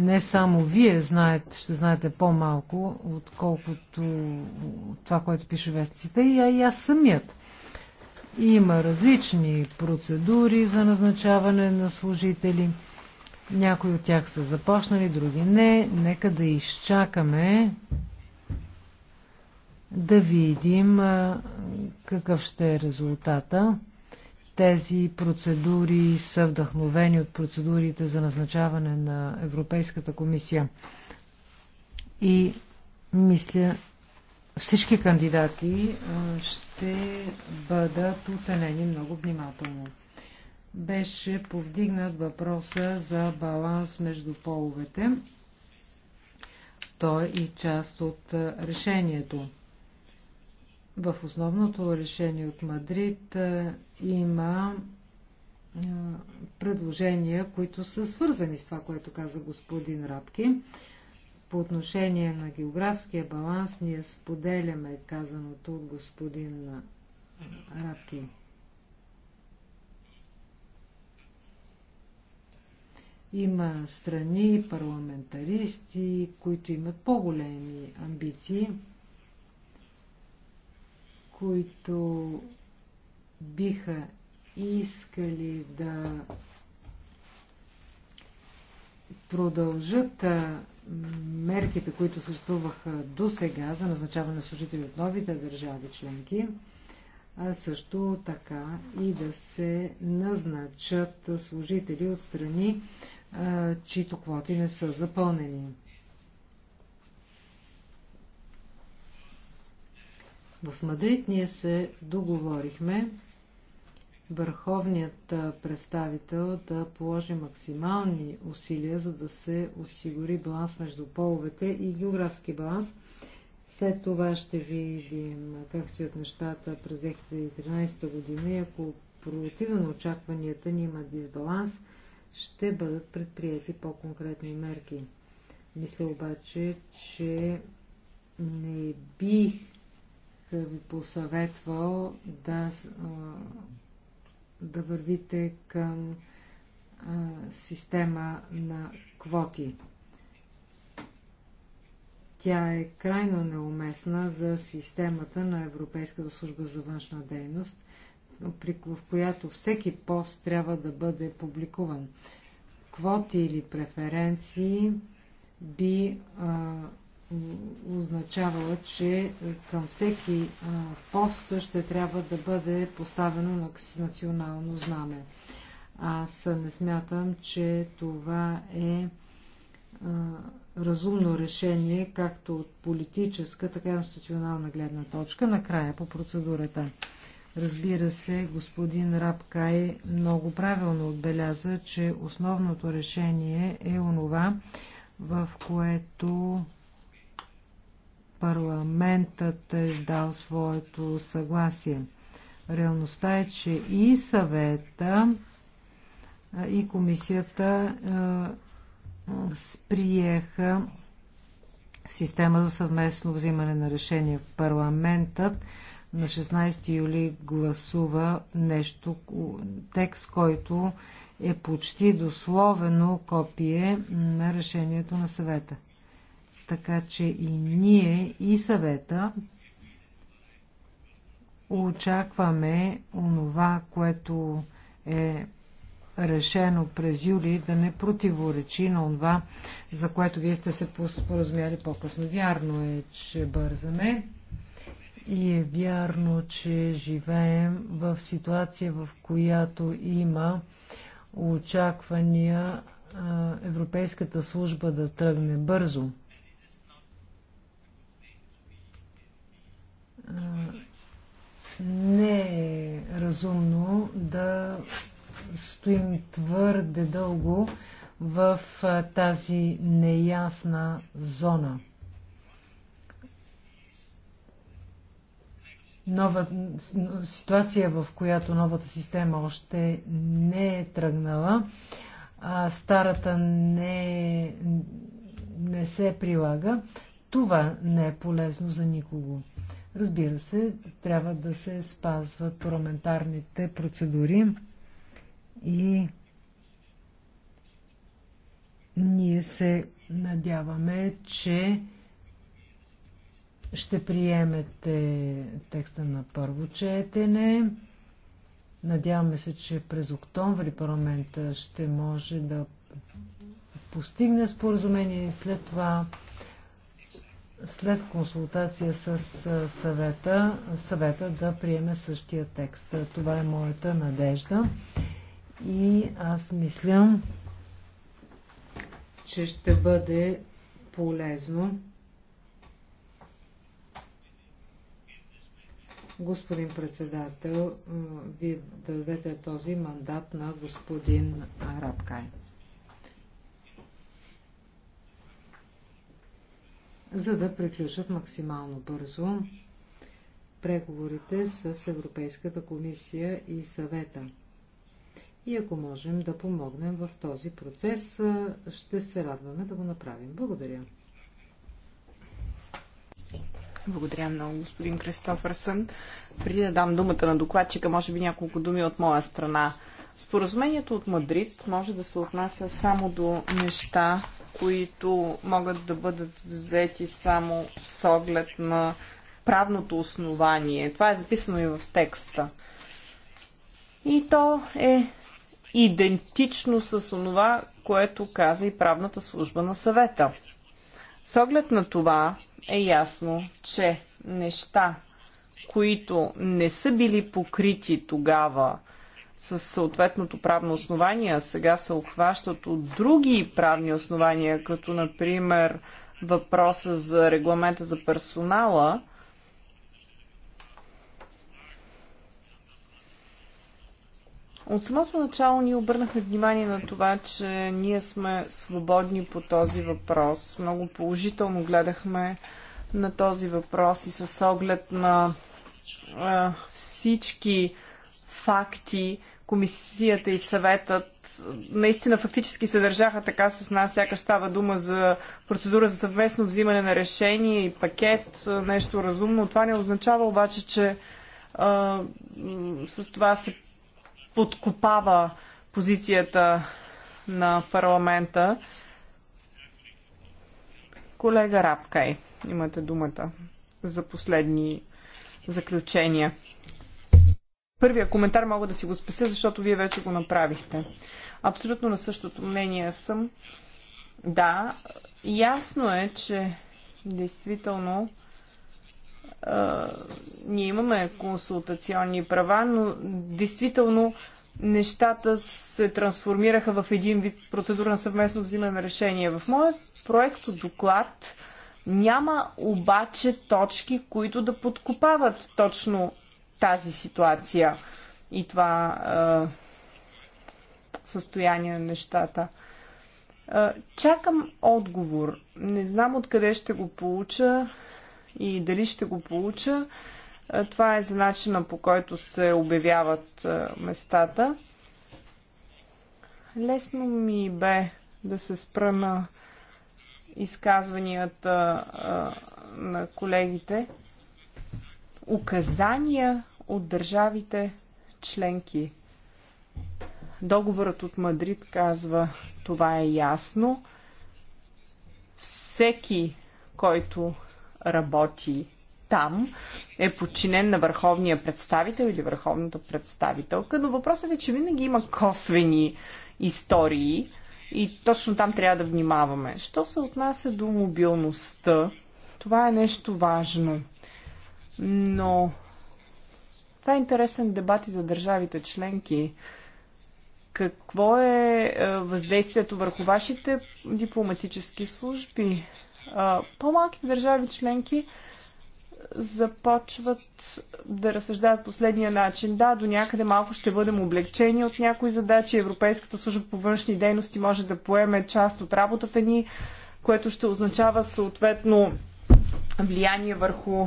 не само вие знаете, ще знаете по-малко, отколкото това, което пише вестниците, а и аз самият. Има различни процедури за назначаване на служители. Някои от тях са започнали, други не. Нека да изчакаме да видим какъв ще е резултата. Тези процедури са вдъхновени от процедурите за назначаване на Европейската комисия. И мисля, всички кандидати ще бъдат оценени много внимателно. Беше повдигнат въпроса за баланс между половете. Той е и част от решението. В основното решение от Мадрид е, има е, предложения, които са свързани с това, което каза господин Рапки. По отношение на географския баланс ние споделяме казаното от господин Рапки. Има страни, парламентаристи, които имат по-големи амбиции които биха искали да продължат мерките, които съществуваха до сега за назначаване на служители от новите държави членки, а също така и да се назначат служители от страни, чието квоти не са запълнени. В Мадрид ние се договорихме върховният представител да положи максимални усилия, за да се осигури баланс между половете и географски баланс. След това ще видим как от нещата през 2013 година и ако противно очакванията ни има дисбаланс, ще бъдат предприяти по-конкретни мерки. Мисля обаче, че не бих ви посъветвал да, да вървите към система на квоти. Тя е крайно неуместна за системата на Европейската служба за външна дейност, в която всеки пост трябва да бъде публикуван. Квоти или преференции би а, означавала, че е, към всеки е, пост ще трябва да бъде поставено национално знаме. Аз не смятам, че това е, е разумно решение, както от политическа, така и институционална гледна точка. Накрая по процедурата. Разбира се, господин Рабкай много правилно отбеляза, че основното решение е онова, в което парламентът е дал своето съгласие. Реалността е, че и съвета, и комисията сприеха система за съвместно взимане на решение. Парламентът на 16 юли гласува нещо, текст, който е почти дословено копие на решението на съвета така че и ние, и съвета очакваме онова, което е решено през юли да не противоречи на това, за което вие сте се споразумяли по-късно. Вярно е, че бързаме и е вярно, че живеем в ситуация, в която има очаквания Европейската служба да тръгне бързо – не е разумно да стоим твърде дълго в тази неясна зона. Нова ситуация, в която новата система още не е тръгнала, а старата не, не се прилага, това не е полезно за никого. Разбира се, трябва да се спазват парламентарните процедури и ние се надяваме, че ще приемете текста на първо четене. Надяваме се, че през октомври парламента ще може да постигне споразумение и след това след консултация с съвета, съвета да приеме същия текст. Това е моята надежда. И аз мисля, че ще бъде полезно. господин председател, вие дадете този мандат на господин Рабкай. за да приключат максимално бързо преговорите с Европейската комисия и съвета. И ако можем да помогнем в този процес, ще се радваме да го направим. Благодаря. Благодаря много, господин Кристофърсън. Преди да дам думата на докладчика, може би няколко думи от моя страна. Споразумението от Мадрид може да се отнася само до неща, които могат да бъдат взети само с оглед на правното основание. Това е записано и в текста. И то е идентично с онова, което каза и правната служба на съвета. С оглед на това е ясно, че неща, които не са били покрити тогава с съответното правно основание, сега се обхващат от други правни основания, като например въпроса за регламента за персонала, От самото начало ние обърнахме внимание на това, че ние сме свободни по този въпрос. Много положително гледахме на този въпрос и с оглед на а, всички факти, комисията и съветът наистина фактически се държаха така с нас, сякаш става дума за процедура за съвместно взимане на решение и пакет, нещо разумно. Това не означава обаче, че а, с това се подкопава позицията на парламента. Колега Рапкай, имате думата за последни заключения първия коментар мога да си го спестя, защото вие вече го направихте. Абсолютно на същото мнение съм. Да, ясно е, че действително е, ние имаме консултационни права, но действително нещата се трансформираха в един вид процедура на съвместно взимане решение. В моят проект доклад няма обаче точки, които да подкопават точно тази ситуация и това е, състояние на нещата. Е, чакам отговор. Не знам откъде ще го получа и дали ще го получа. Е, това е за начина по който се обявяват е, местата. Лесно ми бе да се спра на изказванията а, на колегите. Указания от държавите членки. Договорът от Мадрид казва, това е ясно. Всеки, който работи там, е подчинен на върховния представител или върховната представителка, но въпросът е, че винаги има косвени истории и точно там трябва да внимаваме. Що се отнася до мобилността, това е нещо важно. Но това е интересен дебат и за държавите членки. Какво е, е въздействието върху вашите дипломатически служби? По-малките държави членки започват да разсъждават последния начин. Да, до някъде малко ще бъдем облегчени от някои задачи. Европейската служба по външни дейности може да поеме част от работата ни, което ще означава съответно влияние върху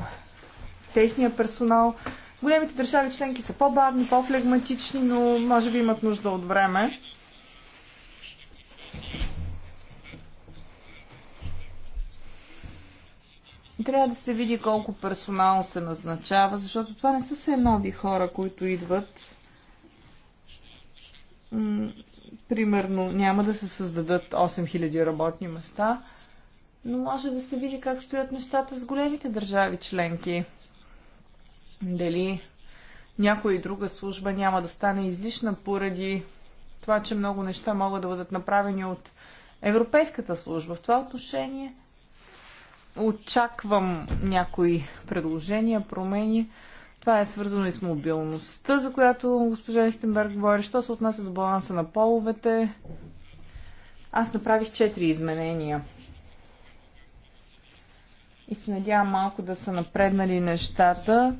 техния персонал. Големите държави членки са по-бавни, по-флегматични, но може би имат нужда от време. Трябва да се види колко персонал се назначава, защото това не са все нови хора, които идват. Примерно няма да се създадат 8000 работни места, но може да се види как стоят нещата с големите държави членки дали някоя и друга служба няма да стане излишна поради това, че много неща могат да бъдат направени от Европейската служба. В това отношение очаквам някои предложения, промени. Това е свързано и с мобилността, за която госпожа Лихтенберг говори. Що се отнася до баланса на половете, аз направих четири изменения. И се надявам малко да са напреднали нещата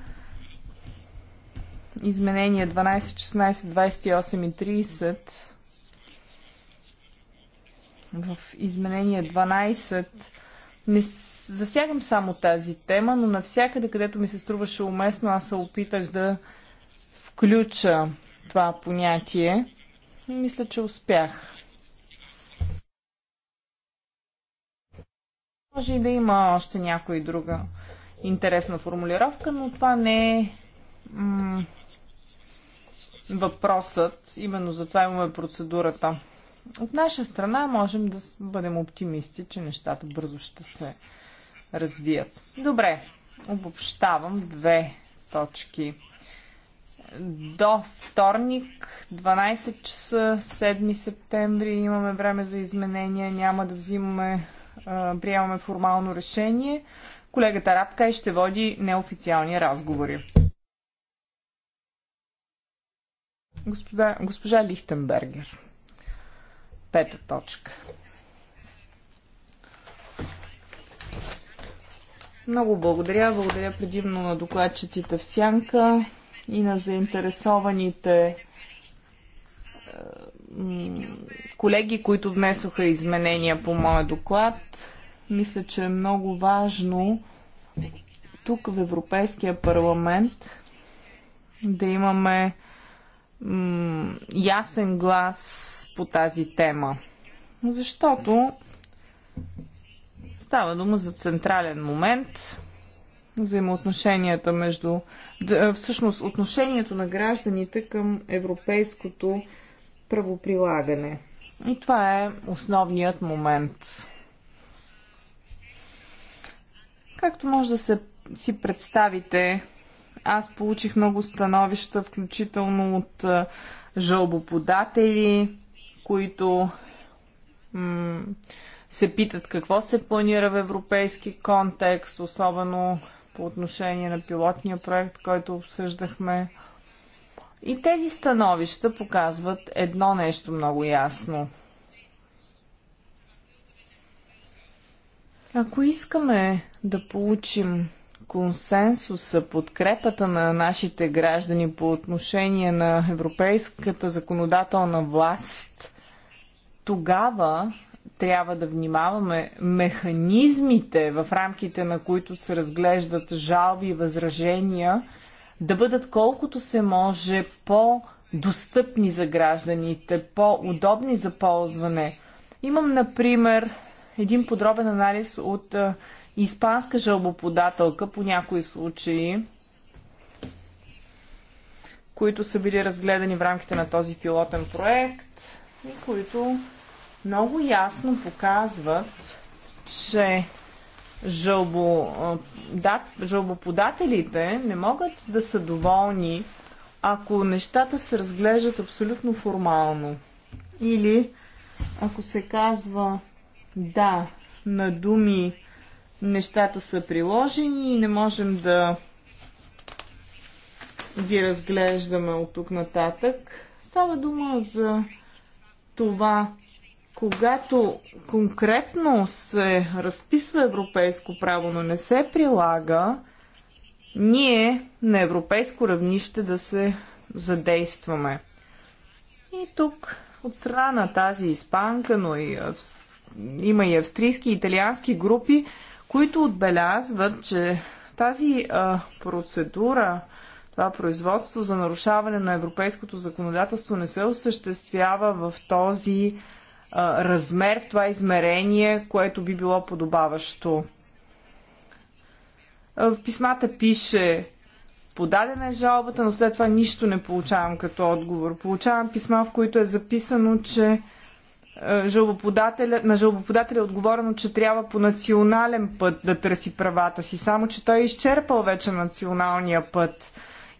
изменения 12, 16, 28 и 30 в изменение 12 не засягам само тази тема, но навсякъде, където ми се струваше уместно, аз се опитах да включа това понятие. Мисля, че успях. Може и да има още някоя друга интересна формулировка, но това не е въпросът. Именно за това имаме процедурата. От наша страна можем да бъдем оптимисти, че нещата бързо ще се развият. Добре, обобщавам две точки. До вторник, 12 часа, 7 септември, имаме време за изменения, няма да взимаме, приемаме формално решение. Колегата Рапкай ще води неофициални разговори. Господа, госпожа Лихтенбергер. Пета точка. Много благодаря. Благодаря предимно на докладчиците в Сянка и на заинтересованите е, колеги, които внесоха изменения по моя доклад. Мисля, че е много важно тук в Европейския парламент да имаме ясен глас по тази тема. Защото става дума за централен момент, взаимоотношенията между... Всъщност, отношението на гражданите към европейското правоприлагане. И това е основният момент. Както може да се си представите аз получих много становища, включително от жалбоподатели, които се питат какво се планира в европейски контекст, особено по отношение на пилотния проект, който обсъждахме. И тези становища показват едно нещо много ясно. Ако искаме да получим консенсуса, подкрепата на нашите граждани по отношение на европейската законодателна власт, тогава трябва да внимаваме механизмите, в рамките на които се разглеждат жалби и възражения, да бъдат колкото се може по-достъпни за гражданите, по-удобни за ползване. Имам, например, един подробен анализ от испанска жалбоподателка по някои случаи, които са били разгледани в рамките на този пилотен проект и които много ясно показват, че жалбоподателите не могат да са доволни, ако нещата се разглеждат абсолютно формално. Или ако се казва да на думи нещата са приложени и не можем да ги разглеждаме от тук нататък. Става дума за това, когато конкретно се разписва европейско право, но не се прилага, ние на европейско равнище да се задействаме. И тук от страна на тази испанка, но и има и австрийски и италиански групи, които отбелязват, че тази а, процедура, това производство за нарушаване на европейското законодателство не се осъществява в този а, размер, в това измерение, което би било подобаващо. В писмата пише подадена е жалбата, но след това нищо не получавам като отговор. Получавам писма, в които е записано, че е, жалбоподателя, на жалбоподателя е отговорено, че трябва по национален път да търси правата си, само че той е изчерпал вече националния път.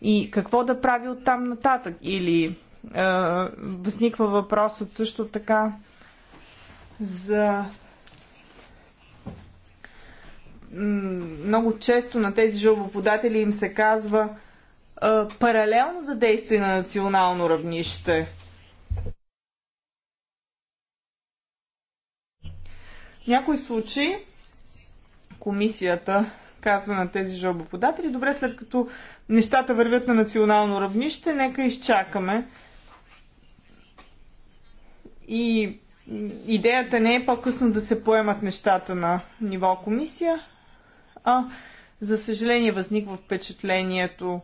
И какво да прави от там нататък? Или е, възниква въпросът също така за много често на тези жалбоподатели им се казва е, паралелно да действи на национално равнище В някои случаи комисията казва на тези жалбоподатели, добре, след като нещата вървят на национално равнище, нека изчакаме. И идеята не е по-късно да се поемат нещата на ниво комисия, а за съжаление възниква впечатлението,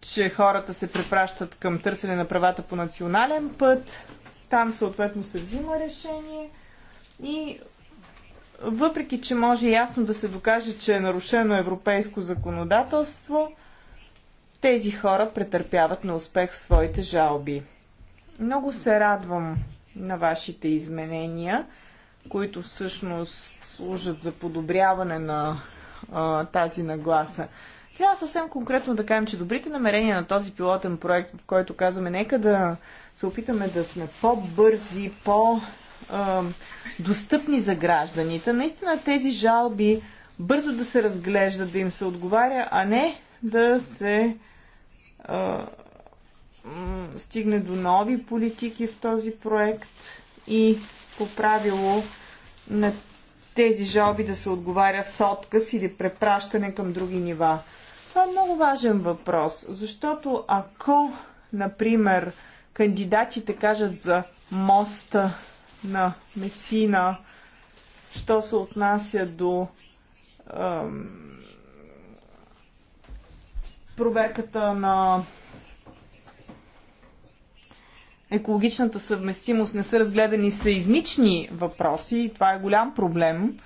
че хората се препращат към търсене на правата по национален път, там съответно се взима решение и въпреки че може ясно да се докаже, че е нарушено европейско законодателство, тези хора претърпяват на успех своите жалби. Много се радвам на вашите изменения, които всъщност служат за подобряване на а, тази нагласа. Трябва съвсем конкретно да кажем, че добрите намерения на този пилотен проект, в който казваме, нека да се опитаме да сме по-бързи, по-бързи, достъпни за гражданите, наистина тези жалби бързо да се разглеждат, да им се отговаря, а не да се а, стигне до нови политики в този проект и по правило на тези жалби да се отговаря с отказ или препращане към други нива. Това е много важен въпрос, защото ако, например, кандидатите кажат за моста на Месина, що се отнася до ам, проверката на екологичната съвместимост не са разгледани сеизмични въпроси и това е голям проблем,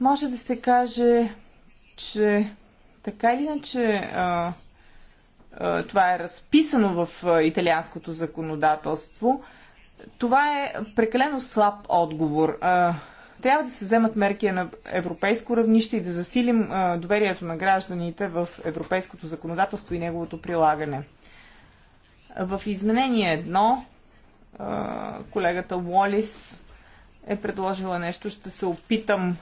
може да се каже, че така или иначе а, а, това е разписано в а, италианското законодателство – това е прекалено слаб отговор. Трябва да се вземат мерки на европейско равнище и да засилим доверието на гражданите в европейското законодателство и неговото прилагане. В изменение едно колегата Уолис е предложила нещо. Ще се опитам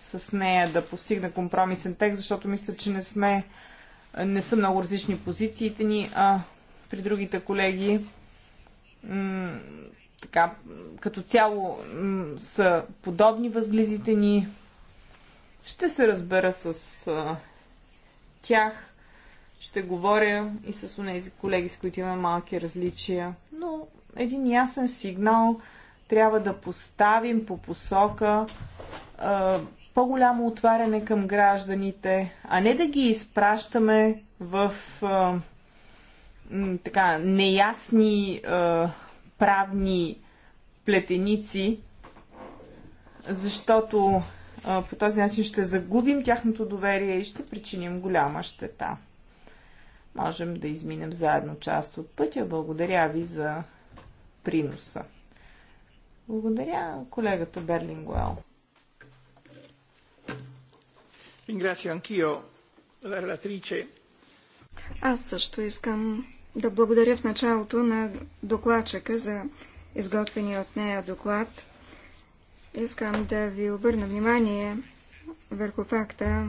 с нея да постигна компромисен текст, защото мисля, че не сме не са много различни позициите ни, а при другите колеги така, като цяло са подобни възгледите ни. Ще се разбера с а, тях. Ще говоря и с тези колеги, с които имаме малки различия. Но един ясен сигнал трябва да поставим по посока а, по-голямо отваряне към гражданите, а не да ги изпращаме в а, така, неясни а, правни плетеници, защото а, по този начин ще загубим тяхното доверие и ще причиним голяма щета. Можем да изминем заедно част от пътя. Благодаря ви за приноса. Благодаря колегата Берлингуел. Ringrazio anch'io la relatrice. Аз също искам да благодаря в началото на докладчика за изготвения от нея доклад. Искам да ви обърна внимание върху факта,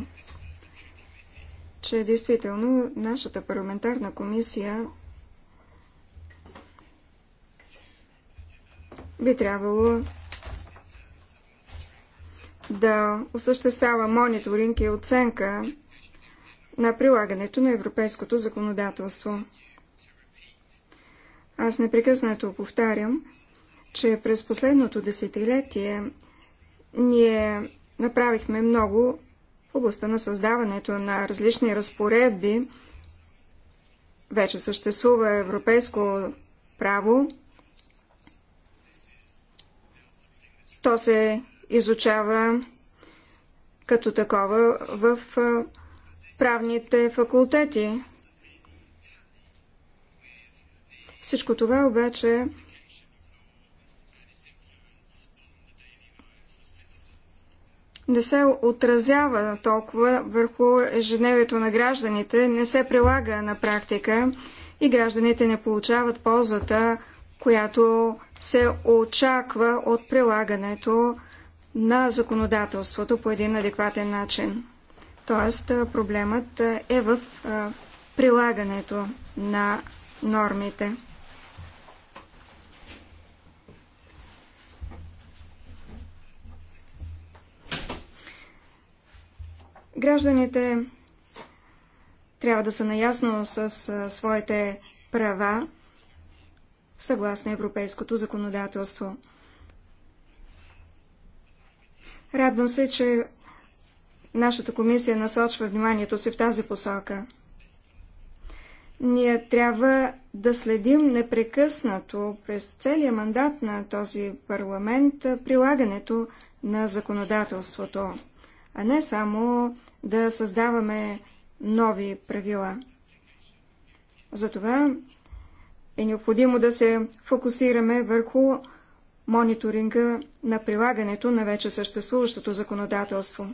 че действително нашата парламентарна комисия би трябвало да осъществява мониторинг и оценка на прилагането на европейското законодателство. Аз непрекъснато повтарям, че през последното десетилетие ние направихме много в областта на създаването на различни разпоредби. Вече съществува европейско право. То се изучава като такова в правните факултети Всичко това обаче не се отразява толкова върху ежедневието на гражданите, не се прилага на практика и гражданите не получават ползата, която се очаква от прилагането на законодателството по един адекватен начин. Тоест, проблемът е в прилагането на нормите. Гражданите трябва да са наясно с своите права съгласно европейското законодателство. Радвам се, че нашата комисия насочва вниманието си в тази посока. Ние трябва да следим непрекъснато през целия мандат на този парламент прилагането на законодателството а не само да създаваме нови правила. Затова е необходимо да се фокусираме върху мониторинга на прилагането на вече съществуващото законодателство.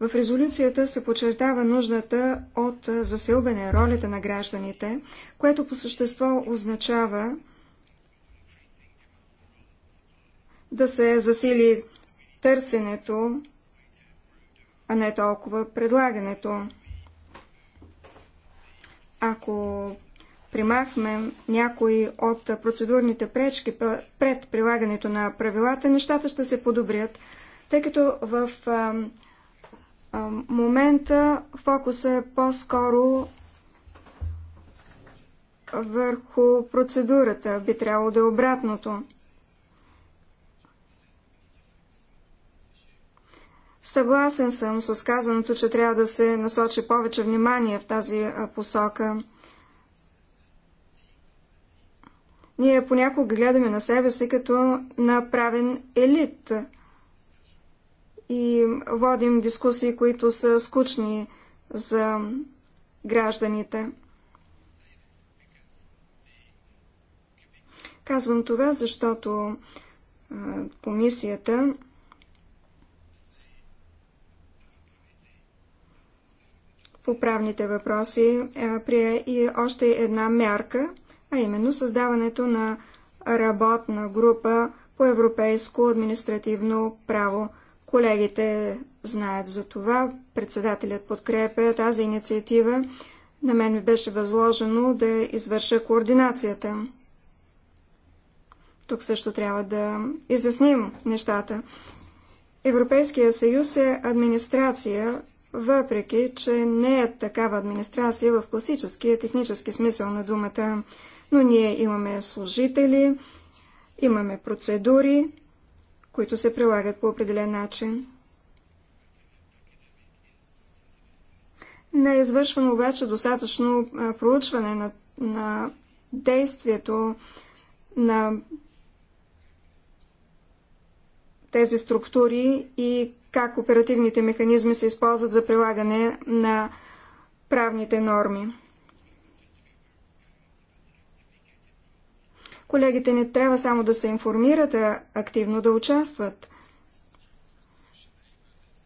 В резолюцията се подчертава нуждата от засилване ролята на гражданите, което по същество означава да се засили търсенето а не толкова предлагането. Ако примахме някои от процедурните пречки пред прилагането на правилата, нещата ще се подобрят, тъй като в а, а, момента фокуса е по-скоро върху процедурата. Би трябвало да е обратното. Съгласен съм с казаното, че трябва да се насочи повече внимание в тази посока. Ние понякога гледаме на себе си като направен елит и водим дискусии, които са скучни за гражданите. Казвам това, защото комисията по правните въпроси е, прие и още една мярка, а именно създаването на работна група по европейско административно право. Колегите знаят за това, председателят подкрепя тази инициатива. На мен ми беше възложено да извърша координацията. Тук също трябва да изясним нещата. Европейския съюз е администрация въпреки че не е такава администрация в класическия технически смисъл на думата, но ние имаме служители, имаме процедури, които се прилагат по определен начин. Не е извършваме обаче достатъчно проучване на, на действието на тези структури и как оперативните механизми се използват за прилагане на правните норми. Колегите не трябва само да се информират, а активно да участват.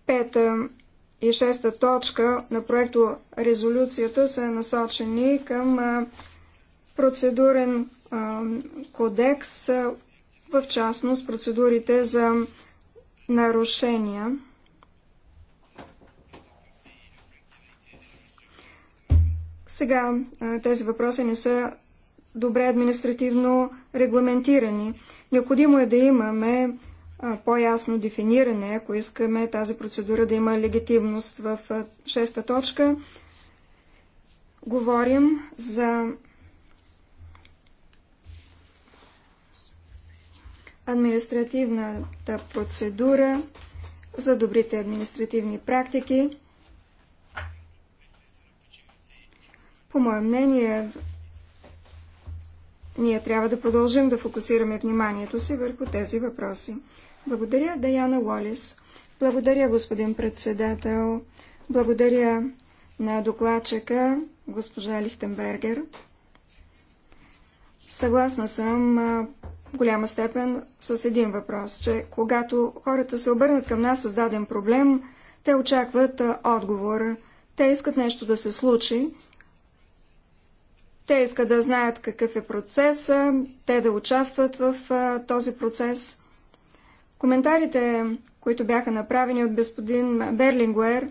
Пета и шеста точка на проекто резолюцията са насочени към процедурен кодекс, в частност процедурите за нарушения. Сега тези въпроси не са добре административно регламентирани. Необходимо е да имаме по-ясно дефиниране, ако искаме тази процедура да има легитимност. В шеста точка говорим за административната процедура, за добрите административни практики. По мое мнение, ние трябва да продължим да фокусираме вниманието си върху тези въпроси. Благодаря, Даяна Уолис. Благодаря, господин председател. Благодаря на докладчика, госпожа Лихтенбергер. Съгласна съм в голяма степен с един въпрос, че когато хората се обърнат към нас с даден проблем, те очакват отговор. Те искат нещо да се случи. Те искат да знаят какъв е процеса, те да участват в този процес. Коментарите, които бяха направени от господин Берлингуер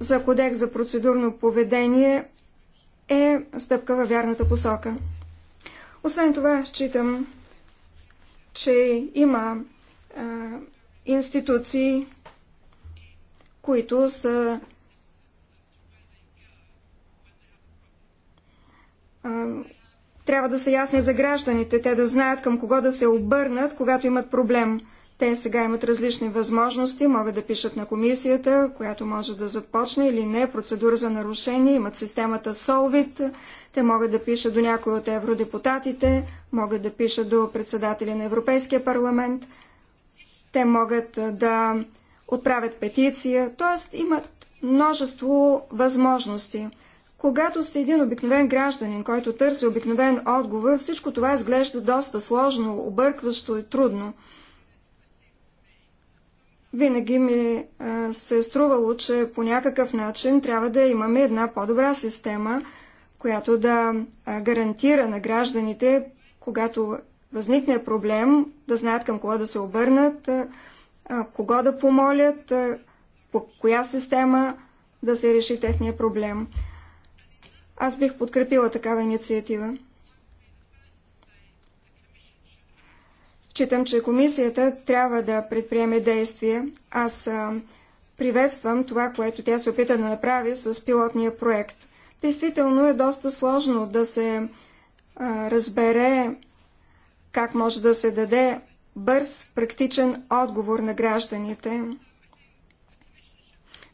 за кодекс за процедурно поведение, е стъпка във вярната посока. Освен това, считам, че има а, институции, които са а, трябва да са ясни за гражданите, те да знаят към кого да се обърнат, когато имат проблем. Те сега имат различни възможности, могат да пишат на комисията, която може да започне или не процедура за нарушение, имат системата Solvit, те могат да пишат до някои от евродепутатите, могат да пишат до председателя на Европейския парламент, те могат да отправят петиция, т.е. имат множество възможности. Когато сте един обикновен гражданин, който търси обикновен отговор, всичко това изглежда доста сложно, объркващо и трудно винаги ми се е струвало, че по някакъв начин трябва да имаме една по-добра система, която да гарантира на гражданите, когато възникне проблем, да знаят към кого да се обърнат, кого да помолят, по коя система да се реши техния проблем. Аз бих подкрепила такава инициатива. Читам, че комисията трябва да предприеме действия. Аз приветствам това, което тя се опита да направи с пилотния проект. Действително е доста сложно да се а, разбере как може да се даде бърз, практичен отговор на гражданите.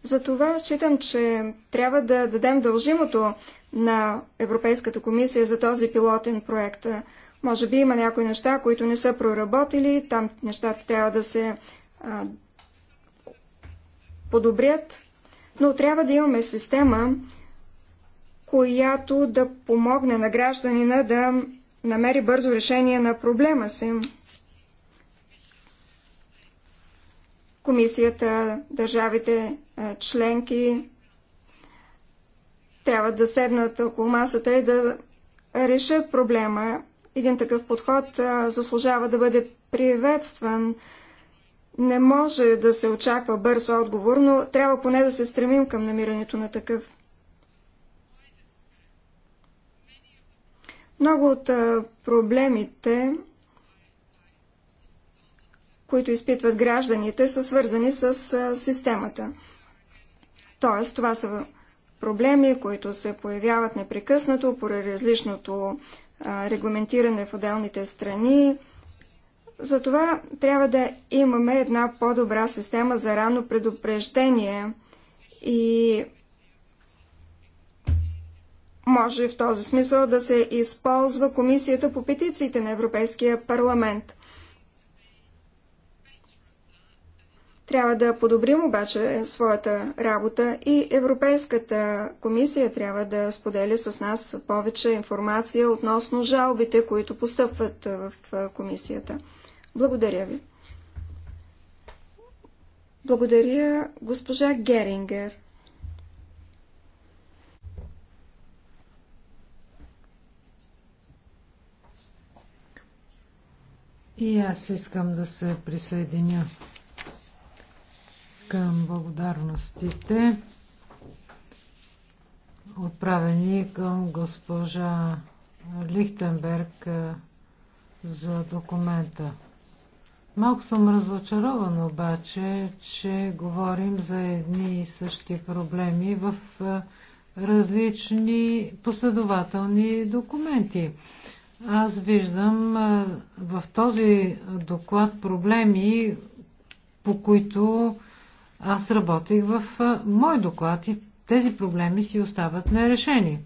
Затова считам, че трябва да дадем дължимото на Европейската комисия за този пилотен проект. Може би има някои неща, които не са проработили, там нещата трябва да се а, подобрят, но трябва да имаме система, която да помогне на гражданина да намери бързо решение на проблема си. Комисията, държавите, членки трябва да седнат около масата и да решат проблема. Един такъв подход заслужава да бъде приветстван. Не може да се очаква бърз отговор, но трябва поне да се стремим към намирането на такъв. Много от проблемите, които изпитват гражданите, са свързани с системата. Тоест, това са проблеми, които се появяват непрекъснато поради различното регламентиране в отделните страни. Затова трябва да имаме една по-добра система за рано предупреждение и може в този смисъл да се използва Комисията по петициите на Европейския парламент. Трябва да подобрим обаче своята работа и Европейската комисия трябва да сподели с нас повече информация относно жалбите, които постъпват в комисията. Благодаря ви. Благодаря госпожа Герингер. И аз искам да се присъединя към благодарностите, отправени към госпожа Лихтенберг за документа. Малко съм разочарован обаче, че говорим за едни и същи проблеми в различни последователни документи. Аз виждам в този доклад проблеми, по които аз работих в мой доклад и тези проблеми си остават нерешени.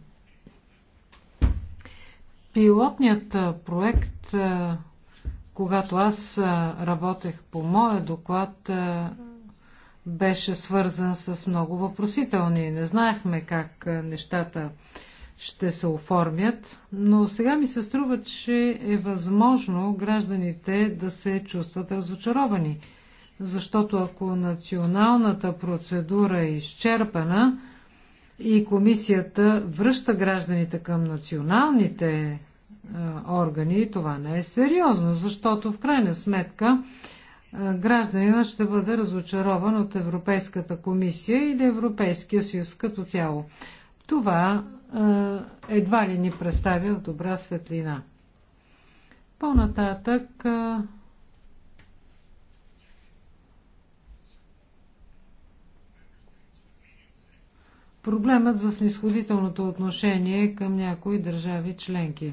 Пилотният проект, когато аз работех по моя доклад, беше свързан с много въпросителни. Не знаехме как нещата ще се оформят, но сега ми се струва, че е възможно гражданите да се чувстват разочаровани – защото ако националната процедура е изчерпана и комисията връща гражданите към националните е, органи, това не е сериозно, защото в крайна сметка е, гражданина ще бъде разочарован от Европейската комисия или Европейския съюз като цяло. Това е, едва ли ни представя добра светлина. По-нататък Проблемът за снисходителното отношение е към някои държави членки.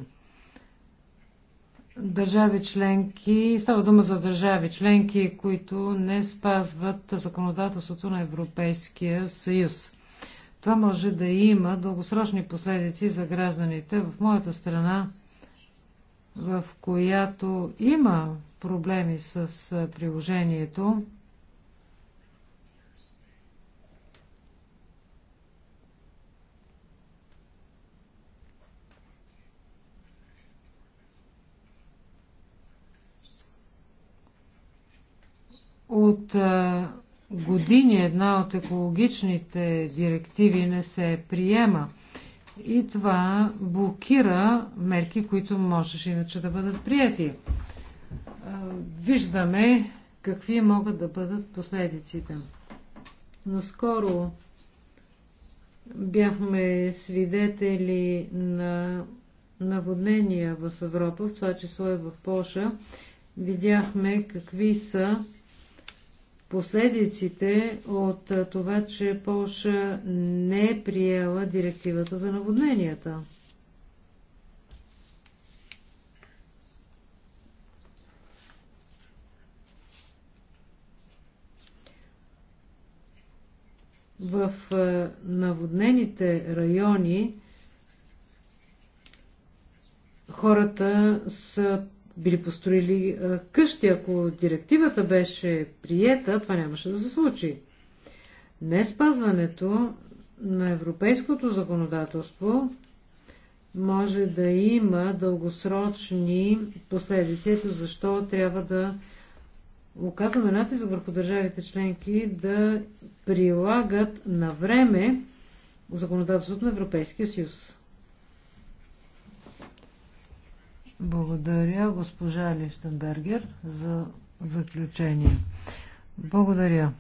Държави членки, става дума за държави членки, които не спазват законодателството на Европейския съюз. Това може да има дългосрочни последици за гражданите. В моята страна, в която има проблеми с приложението, От години една от екологичните директиви не се приема. И това блокира мерки, които можеше иначе да бъдат прияти. Виждаме какви могат да бъдат последиците. Наскоро бяхме свидетели на наводнения в Европа, в това число и в Польша. Видяхме какви са последиците от това, че Полша не е приела директивата за наводненията. В наводнените райони хората са били построили къщи. Ако директивата беше приета, това нямаше да се случи. Не спазването на европейското законодателство може да има дългосрочни последици, ето защо трябва да оказваме натиск върху държавите членки да прилагат на време законодателството на Европейския съюз. Благодаря, госпожа Лихтенбергер, за заключение. Благодаря.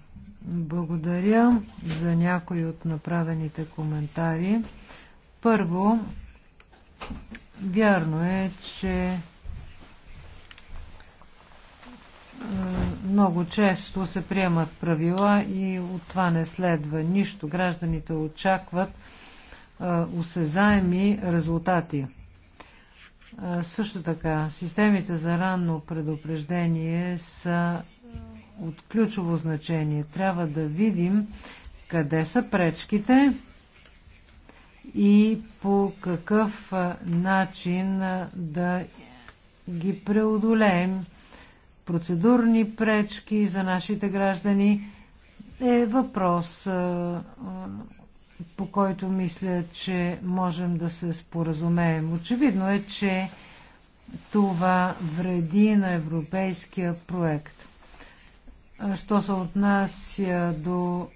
Благодаря за някои от направените коментари. Първо, вярно е, че е, много често се приемат правила и от това не следва нищо. Гражданите очакват е, осезаеми резултати. Също така, системите за ранно предупреждение са от ключово значение. Трябва да видим къде са пречките и по какъв начин да ги преодолеем. Процедурни пречки за нашите граждани е въпрос по който мисля, че можем да се споразумеем. Очевидно е, че това вреди на европейския проект. Що се отнася до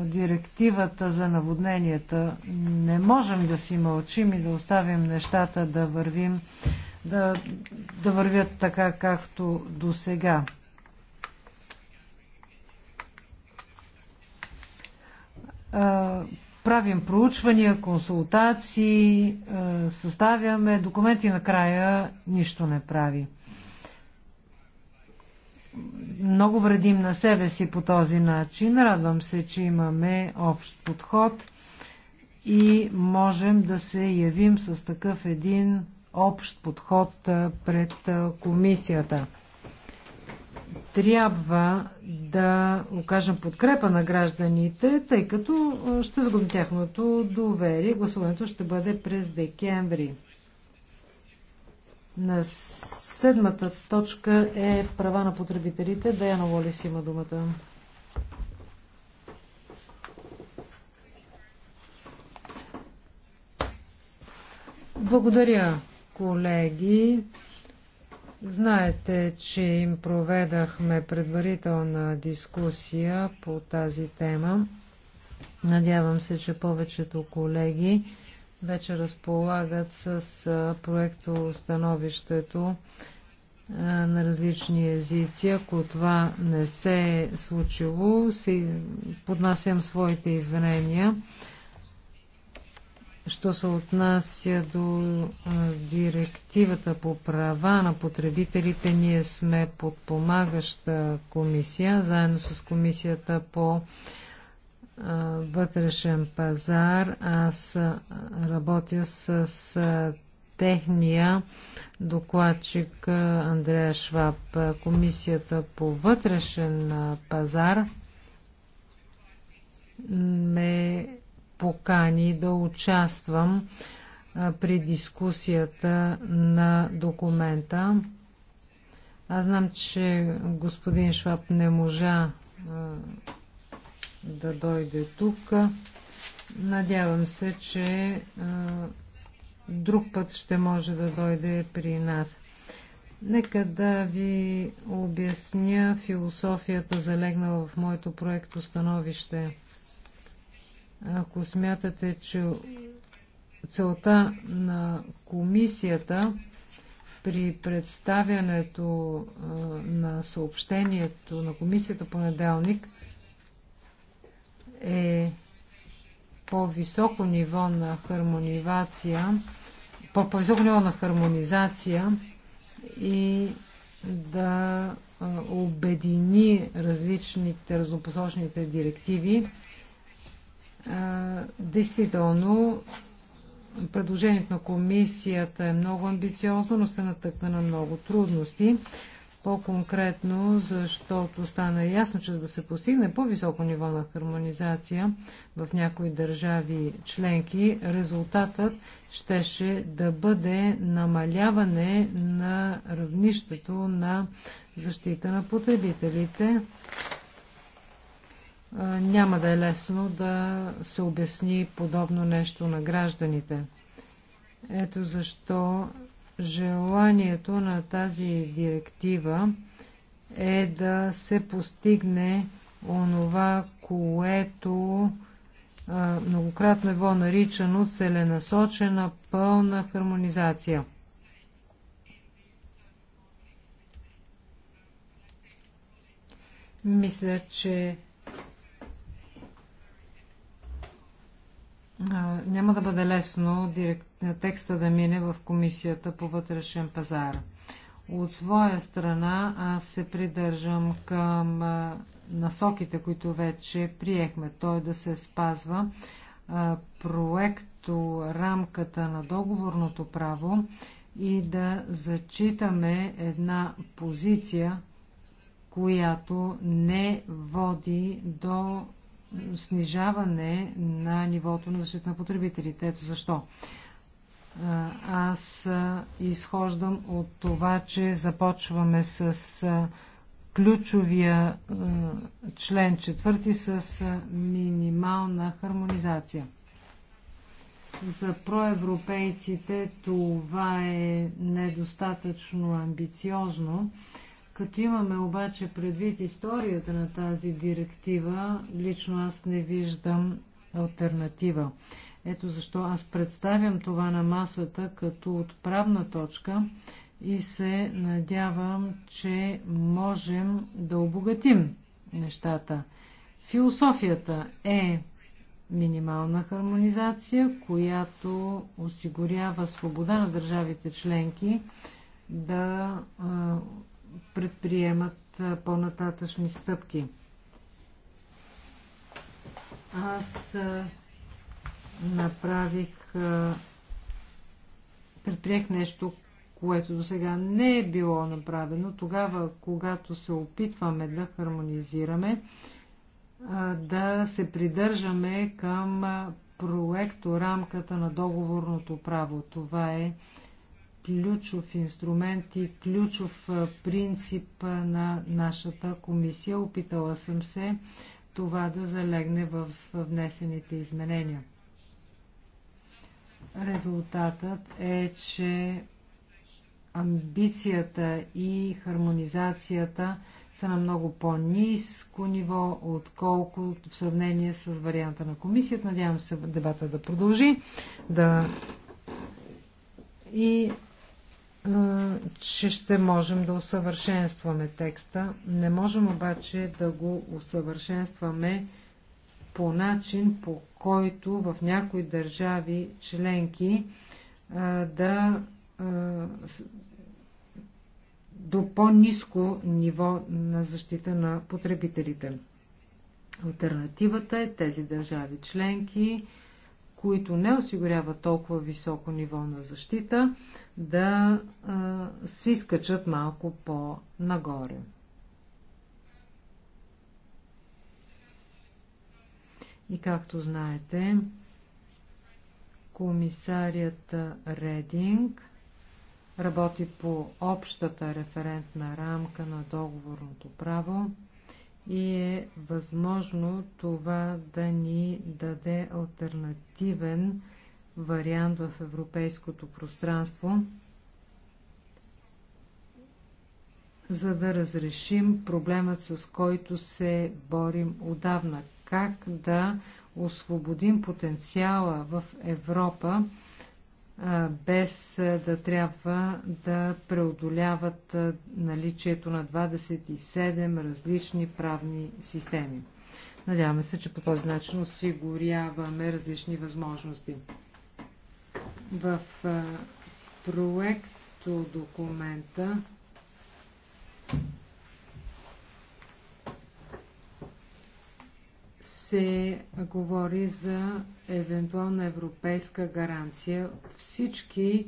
директивата за наводненията, не можем да си мълчим и да оставим нещата да вървим, да, да вървят така, както до сега правим проучвания, консултации, е, съставяме документи, накрая нищо не прави. Много вредим на себе си по този начин. Радвам се, че имаме общ подход и можем да се явим с такъв един общ подход е, пред е, комисията трябва да окажем подкрепа на гражданите, тъй като ще загубим тяхното доверие. Гласуването ще бъде през декември. На седмата точка е права на потребителите. Даяна Волис има думата. Благодаря, колеги. Знаете, че им проведахме предварителна дискусия по тази тема. Надявам се, че повечето колеги вече разполагат с проекто становището на различни езици. Ако това не се е случило, си поднасям своите извинения. Що се отнася до директивата по права на потребителите, ние сме подпомагаща комисия, заедно с комисията по вътрешен пазар. Аз работя с техния докладчик Андрея Шваб. Комисията по вътрешен пазар ме покани да участвам при дискусията на документа. Аз знам, че господин Шваб не можа да дойде тук. Надявам се, че друг път ще може да дойде при нас. Нека да ви обясня философията залегнала в моето проект становище. Ако смятате, че целта на комисията при представянето на съобщението на комисията понеделник е по-високо ниво на хармонизация, по-високо ниво на хармонизация и да обедини различните разнопосочните директиви действително предложението на комисията е много амбициозно, но се натъкна на много трудности. По-конкретно, защото стана ясно, че за да се постигне по-високо ниво на хармонизация в някои държави членки, резултатът щеше да бъде намаляване на равнището на защита на потребителите няма да е лесно да се обясни подобно нещо на гражданите. Ето защо желанието на тази директива е да се постигне онова, което а, многократно е било наричано целенасочена пълна хармонизация. Мисля, че няма да бъде лесно текста да мине в комисията по вътрешен пазар. От своя страна аз се придържам към насоките, които вече приехме. Той да се спазва проекто рамката на договорното право и да зачитаме една позиция, която не води до снижаване на нивото на защита на потребителите. Ето защо. Аз изхождам от това, че започваме с ключовия член четвърти с минимална хармонизация. За проевропейците това е недостатъчно амбициозно като имаме обаче предвид историята на тази директива, лично аз не виждам альтернатива. Ето защо аз представям това на масата като отправна точка и се надявам, че можем да обогатим нещата. Философията е минимална хармонизация, която осигурява свобода на държавите членки да предприемат по-нататъчни стъпки. Аз направих, предприех нещо, което до сега не е било направено. Тогава, когато се опитваме да хармонизираме, да се придържаме към проекто рамката на договорното право. Това е ключов инструмент и ключов принцип на нашата комисия. Опитала съм се това да залегне в внесените изменения. Резултатът е, че амбицията и хармонизацията са на много по-низко ниво, отколко в сравнение с варианта на комисията. Надявам се дебата да продължи. Да... И е, че ще можем да усъвършенстваме текста. Не можем обаче да го усъвършенстваме по начин, по който в някои държави членки е, да е, до по-низко ниво на защита на потребителите. Альтернативата е тези държави членки, които не осигуряват толкова високо ниво на защита, да а, се изкачат малко по-нагоре. И както знаете, комисарият Рединг работи по общата референтна рамка на договорното право и е възможно това да ни даде альтернативен вариант в европейското пространство, за да разрешим проблемът, с който се борим отдавна. Как да освободим потенциала в Европа, без да трябва да преодоляват наличието на 27 различни правни системи. Надяваме се, че по този начин осигуряваме различни възможности. В проекто документа се говори за евентуална европейска гаранция. Всички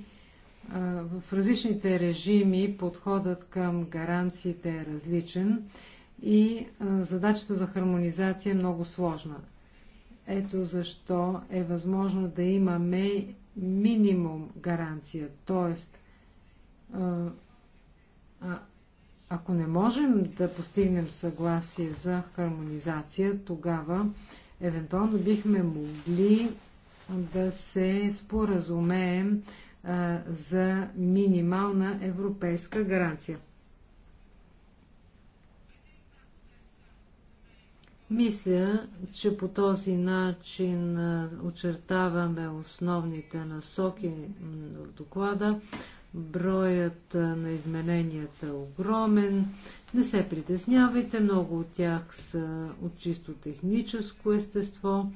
в различните режими подходът към гаранциите е различен и задачата за хармонизация е много сложна. Ето защо е възможно да имаме минимум гаранция. Тоест, а, ако не можем да постигнем съгласие за хармонизация, тогава евентуално бихме могли да се споразумеем а, за минимална европейска гаранция. Мисля, че по този начин очертаваме основните насоки в доклада. Броят на измененията е огромен. Не се притеснявайте, много от тях са от чисто техническо естество.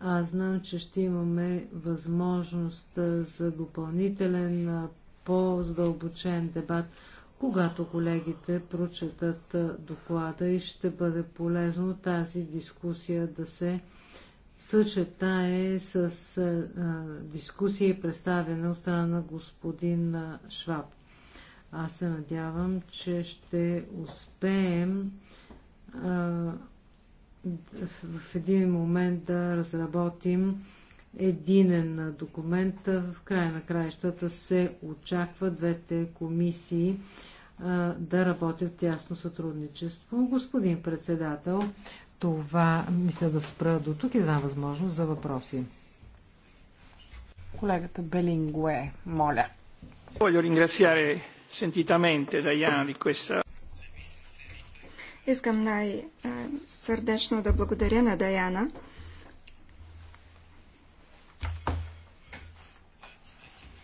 Аз знам, че ще имаме възможност за допълнителен по здълбочен дебат когато колегите прочетат доклада и ще бъде полезно тази дискусия да се съчетае с а, дискусия представяне от страна на господин Шваб. Аз се надявам, че ще успеем а, в един момент да разработим единен документ. В края на краищата се очаква двете комисии да работят тясно сътрудничество. Господин председател, това мисля да спра до тук и да дам възможност за въпроси. Колегата Белингуе, моля. Voglio ringraziare sentitamente Diana di questa Искам най-сърдечно да благодаря на Даяна.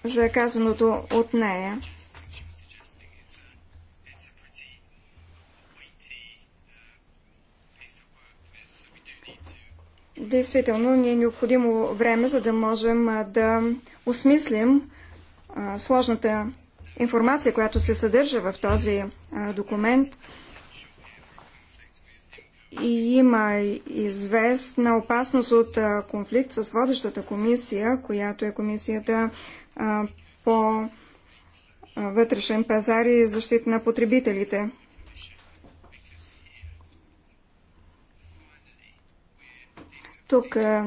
за казаното от нея. Действително ни е необходимо време, за да можем да осмислим сложната информация, която се съдържа в този документ. И има известна опасност от конфликт с водещата комисия, която е комисията по вътрешен пазар и защита на потребителите. Тук е,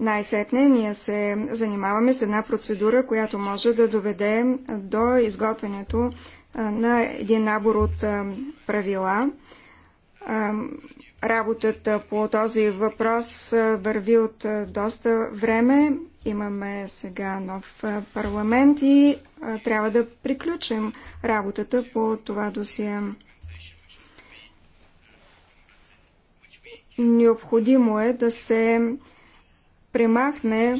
най-сетне ние се занимаваме с една процедура, която може да доведе до изготвянето е, на един набор от е, правила. Работата по този въпрос върви от доста време. Имаме сега нов парламент и трябва да приключим работата по това досие. Необходимо е да се премахне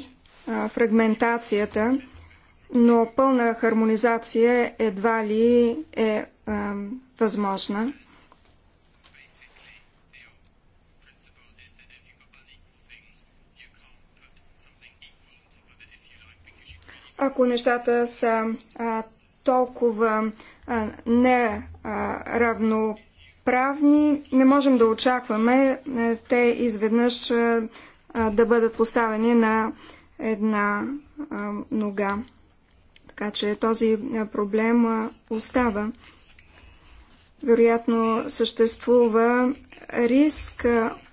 фрагментацията, но пълна хармонизация едва ли е а, възможна. Ако нещата са а, толкова а, неравноправни, правни, не можем да очакваме е, те изведнъж е, е, да бъдат поставени на една нога. Така че този проблем остава. Вероятно съществува риск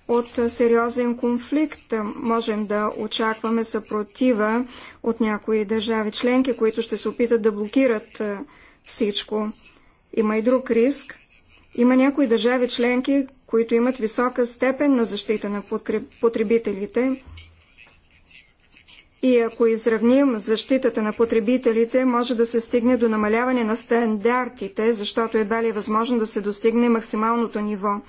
от сериозен конфликт. Можем да очакваме съпротива от някои държави членки, които ще се опитат да блокират всичко. Има и друг риск – има някои държави членки, които имат висока степен на защита на потребителите. И ако изравним защитата на потребителите, може да се стигне до намаляване на стандартите, защото едва ли е възможно да се достигне максималното ниво.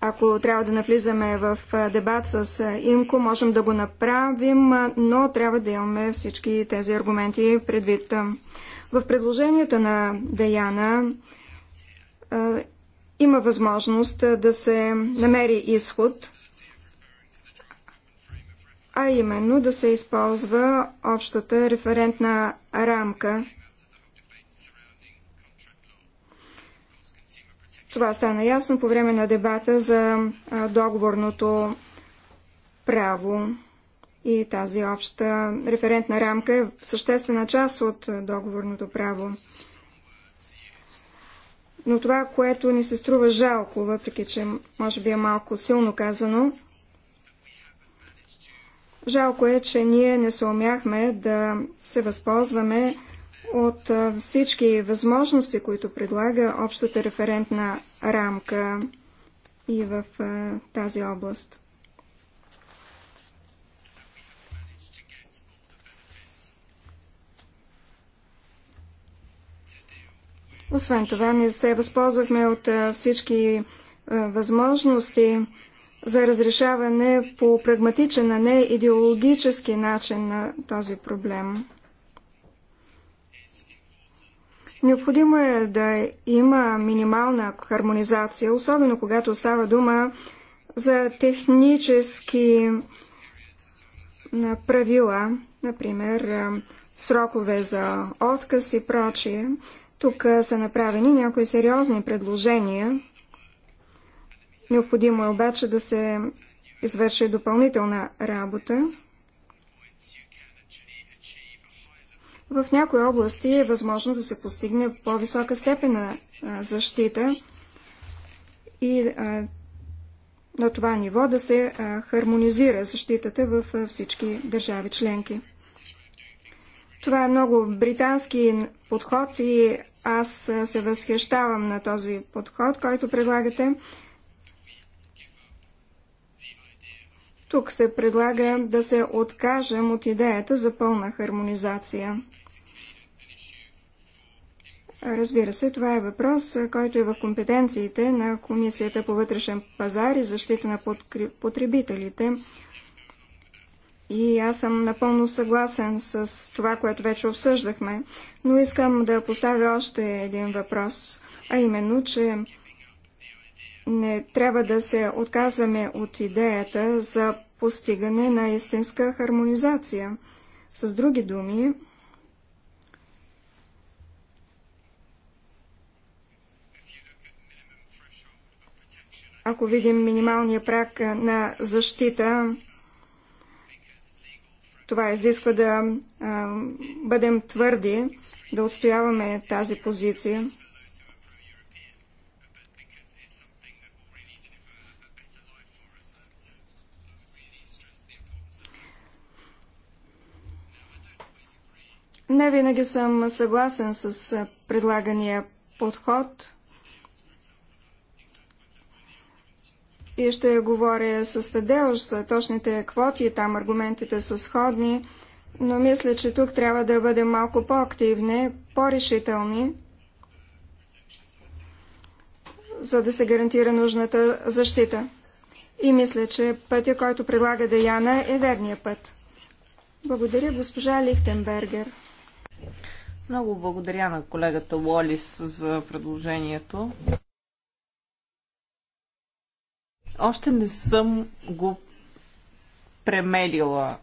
Ако трябва да навлизаме в дебат с ИМКО, можем да го направим, но трябва да имаме всички тези аргументи предвид. В предложението на Даяна а, има възможност да се намери изход, а именно да се използва общата референтна рамка. Това стана ясно по време на дебата за договорното право и тази обща референтна рамка е съществена част от договорното право. Но това, което ни се струва жалко, въпреки че може би е малко силно казано, жалко е, че ние не съумяхме да се възползваме от всички възможности, които предлага общата референтна рамка и в тази област. Освен това, ние се възползвахме от всички възможности за разрешаване по прагматичен, а не идеологически начин на този проблем. Необходимо е да има минимална хармонизация, особено когато става дума за технически правила, например срокове за отказ и прочие. Тук са направени някои сериозни предложения. Необходимо е обаче да се извърши допълнителна работа. В някои области е възможно да се постигне по-висока степен на защита и на това ниво да се хармонизира защитата във всички държави членки. Това е много британски подход и аз се възхищавам на този подход, който предлагате. Тук се предлага да се откажем от идеята за пълна хармонизация. Разбира се, това е въпрос, който е в компетенциите на Комисията по вътрешен пазар и защита на потребителите. И аз съм напълно съгласен с това, което вече обсъждахме, но искам да поставя още един въпрос, а именно, че не трябва да се отказваме от идеята за постигане на истинска хармонизация. С други думи, ако видим минималния прак на защита това изисква да а, бъдем твърди, да отстояваме тази позиция. Не винаги съм съгласен с предлагания подход – и ще говоря с Тадеуш за точните квоти, там аргументите са сходни, но мисля, че тук трябва да бъдем малко по-активни, по-решителни, за да се гарантира нужната защита. И мисля, че пътя, който предлага Даяна, е верния път. Благодаря, госпожа Лихтенбергер. Много благодаря на колегата Лолис за предложението. Още не съм го премелила,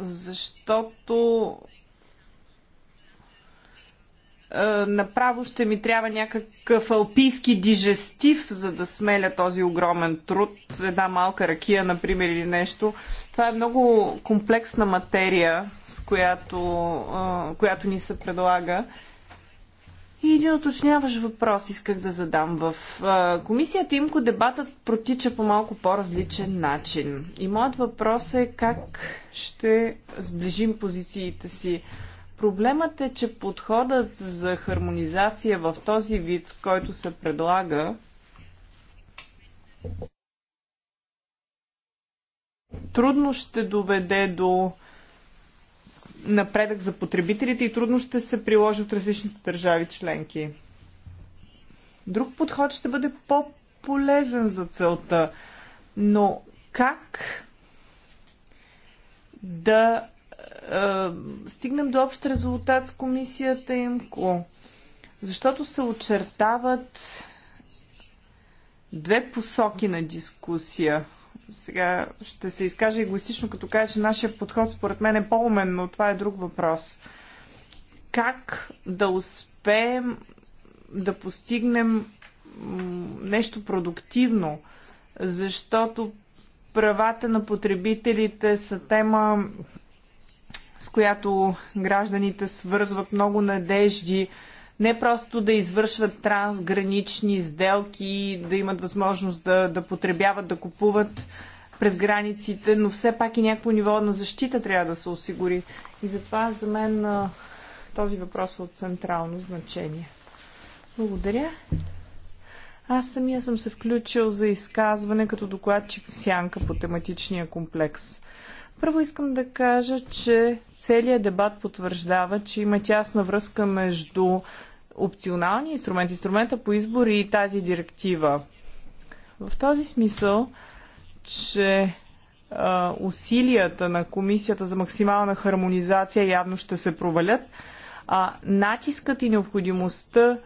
защото е, направо ще ми трябва някакъв алпийски дижестив, за да смеля този огромен труд. Една малка ракия, например, или нещо. Това е много комплексна материя, с която, е, която ни се предлага. И един уточняващ въпрос исках да задам. В а, комисията имко дебатът протича по малко по-различен начин. И моят въпрос е как ще сближим позициите си. Проблемът е, че подходът за хармонизация в този вид, който се предлага, трудно ще доведе до напредък за потребителите и трудно ще се приложи от различните държави членки. Друг подход ще бъде по-полезен за целта, но как да е, стигнем до общ резултат с комисията ИМКО? Защото се очертават две посоки на дискусия – сега ще се изкаже егоистично, като кажа, че нашия подход според мен е по-умен, но това е друг въпрос. Как да успеем да постигнем нещо продуктивно, защото правата на потребителите са тема, с която гражданите свързват много надежди, не просто да извършват трансгранични сделки, да имат възможност да, да потребяват, да купуват през границите, но все пак и някакво ниво на защита трябва да се осигури. И затова за мен този въпрос е от централно значение. Благодаря. Аз самия съм се включил за изказване като докладчик в сянка по тематичния комплекс. Първо искам да кажа, че целият дебат потвърждава, че има тясна връзка между опционалния инструмент, инструмента по избори и тази директива. В този смисъл, че а, усилията на Комисията за максимална хармонизация явно ще се провалят, а натискът и необходимостта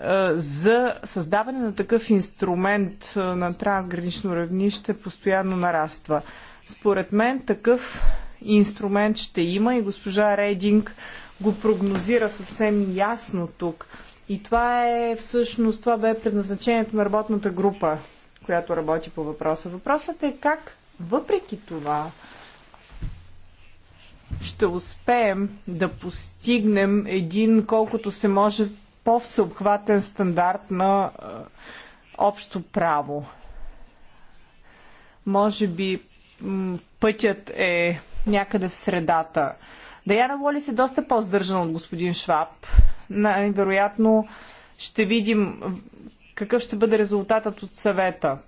а, за създаване на такъв инструмент а, на трансгранично равнище постоянно нараства. Според мен такъв инструмент ще има и госпожа Рейдинг го прогнозира съвсем ясно тук. И това е всъщност, това бе предназначението на работната група, която работи по въпроса. Въпросът е как, въпреки това, ще успеем да постигнем един колкото се може по-всеобхватен стандарт на е, общо право. Може би пътят е някъде в средата. Е, Даяна Уолис е доста по-здържана от господин Шваб. най Вероятно ще видим какъв ще бъде резултатът от съвета.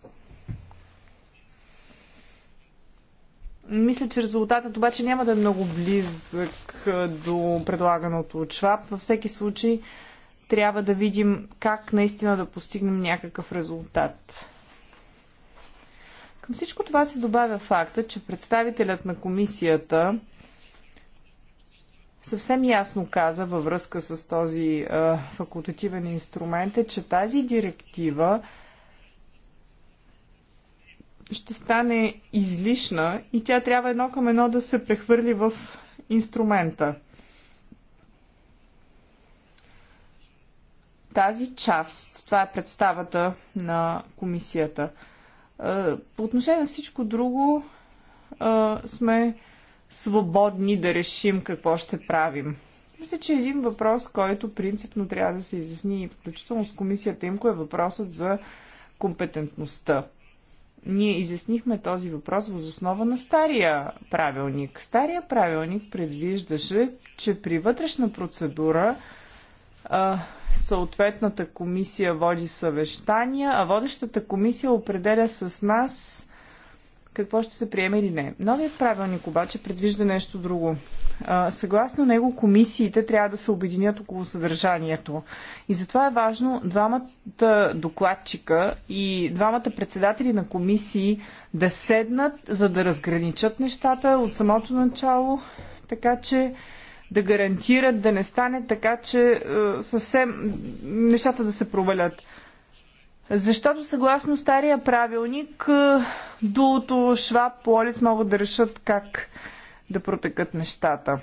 Мисля, че резултатът обаче няма да е много близък до предлаганото от Шваб. Във всеки случай трябва да видим как наистина да постигнем някакъв резултат. Към всичко това се добавя факта, че представителят на комисията съвсем ясно каза във връзка с този а, факултативен инструмент е, че тази директива ще стане излишна и тя трябва едно към едно да се прехвърли в инструмента. Тази част, това е представата на комисията. По отношение на всичко друго сме свободни да решим какво ще правим. Мисля, че е един въпрос, който принципно трябва да се изясни, включително с комисията Имко, е въпросът за компетентността. Ние изяснихме този въпрос възоснова на стария правилник. Стария правилник предвиждаше, че при вътрешна процедура а, съответната комисия води съвещания, а водещата комисия определя с нас какво ще се приеме или не. Новият правилник обаче предвижда нещо друго. Съгласно него комисиите трябва да се обединят около съдържанието. И затова е важно двамата докладчика и двамата председатели на комисии да седнат, за да разграничат нещата от самото начало, така че да гарантират да не стане така, че съвсем нещата да се провалят. Защото съгласно стария правилник, е, Дулото, Шваб, Полис могат да решат как да протекат нещата.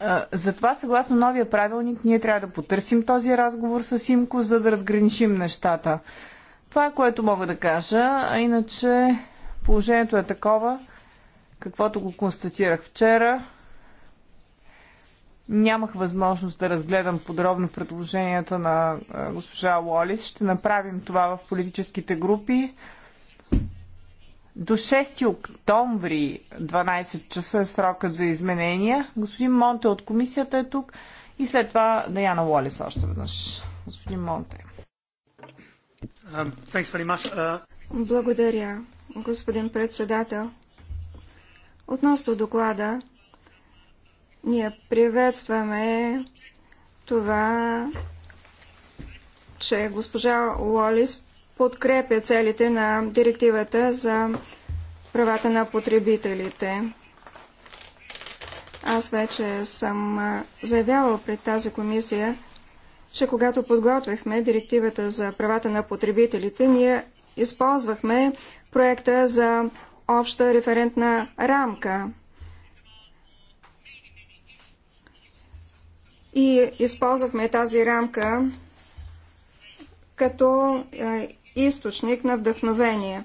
Е, затова, съгласно новия правилник, ние трябва да потърсим този разговор с Имко, за да разграничим нещата. Това е което мога да кажа, а иначе положението е такова, каквото го констатирах вчера. Нямах възможност да разгледам подробно предложенията на госпожа Лолис. Ще направим това в политическите групи. До 6 октомври 12 часа е срокът за изменения. Господин Монте от комисията е тук и след това Даяна Лолис още веднъж. Господин Монте. Um, uh, Благодаря, господин председател. Относно доклада, ние приветстваме това, че госпожа Лолис подкрепя целите на директивата за правата на потребителите. Аз вече съм заявявал пред тази комисия, че когато подготвихме директивата за правата на потребителите, ние използвахме проекта за обща референтна рамка. и използвахме тази рамка като е, източник на вдъхновение.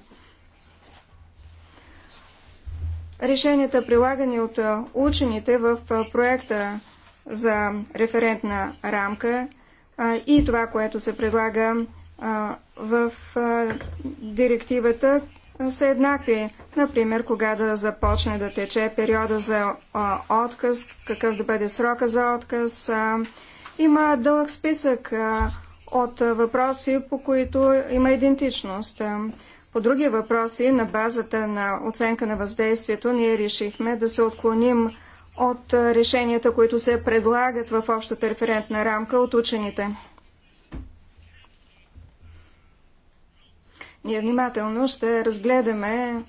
Решенията, прилагани от е, учените в е, проекта за референтна рамка и това, което се предлага в директивата, са еднакви. Например, кога да започне да тече периода за а, отказ, какъв да бъде срока за отказ. А, има дълъг списък а, от въпроси, по които има идентичност. По други въпроси, на базата на оценка на въздействието, ние решихме да се отклоним от решенията, които се предлагат в общата референтна рамка от учените. Ние внимателно ще разгледаме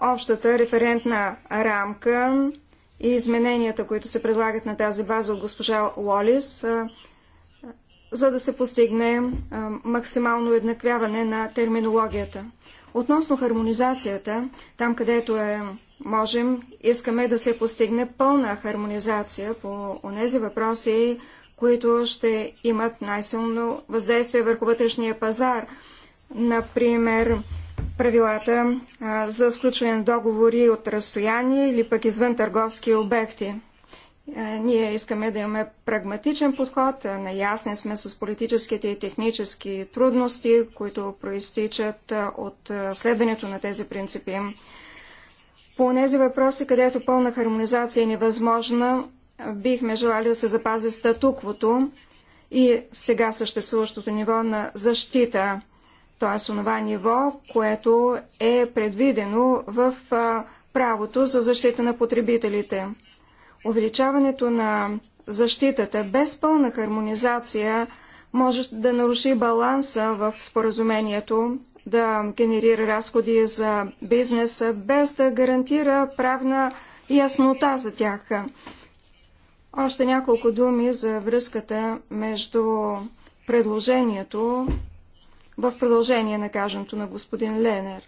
общата референтна рамка и измененията, които се предлагат на тази база от госпожа Лолис, за да се постигне максимално еднаквяване на терминологията. Относно хармонизацията, там където е можем, искаме да се постигне пълна хармонизация по онези въпроси, които ще имат най-силно въздействие върху вътрешния пазар, Например, правилата а, за сключване на договори от разстояние или пък извън търговски обекти. А, ние искаме да имаме прагматичен подход, а, наясни сме с политическите и технически трудности, които проистичат от следването на тези принципи. По тези въпроси, където пълна хармонизация е невъзможна, бихме желали да се запази статуквото и сега съществуващото ниво на защита – т.е. онова ниво, което е предвидено в правото за защита на потребителите. Увеличаването на защитата без пълна хармонизация може да наруши баланса в споразумението, да генерира разходи за бизнеса, без да гарантира правна яснота за тях. Още няколко думи за връзката между предложението в продължение на каженето на господин Ленер.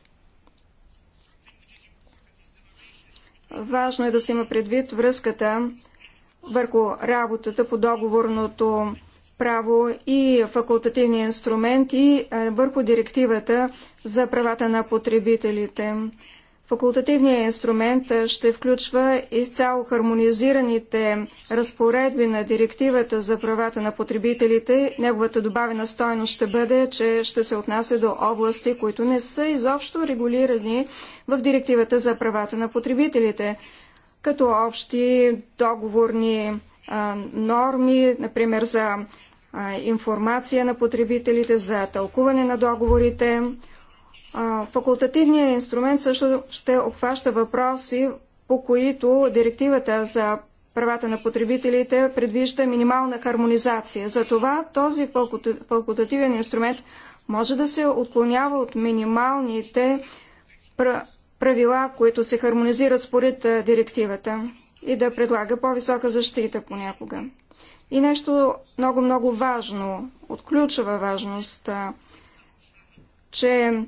Важно е да се има предвид връзката върху работата по договорното право и факултативния инструмент и върху директивата за правата на потребителите. Факултативният инструмент ще включва изцяло хармонизираните разпоредби на директивата за правата на потребителите. Неговата добавена стойност ще бъде, че ще се отнася до области, които не са изобщо регулирани в директивата за правата на потребителите, като общи договорни а, норми, например за а, информация на потребителите, за тълкуване на договорите, Факултативният инструмент също ще обхваща въпроси, по които директивата за правата на потребителите предвижда минимална хармонизация. Затова този факултативен инструмент може да се отклонява от минималните правила, които се хармонизират според директивата и да предлага по-висока защита понякога. И нещо много-много важно, от ключова важност, че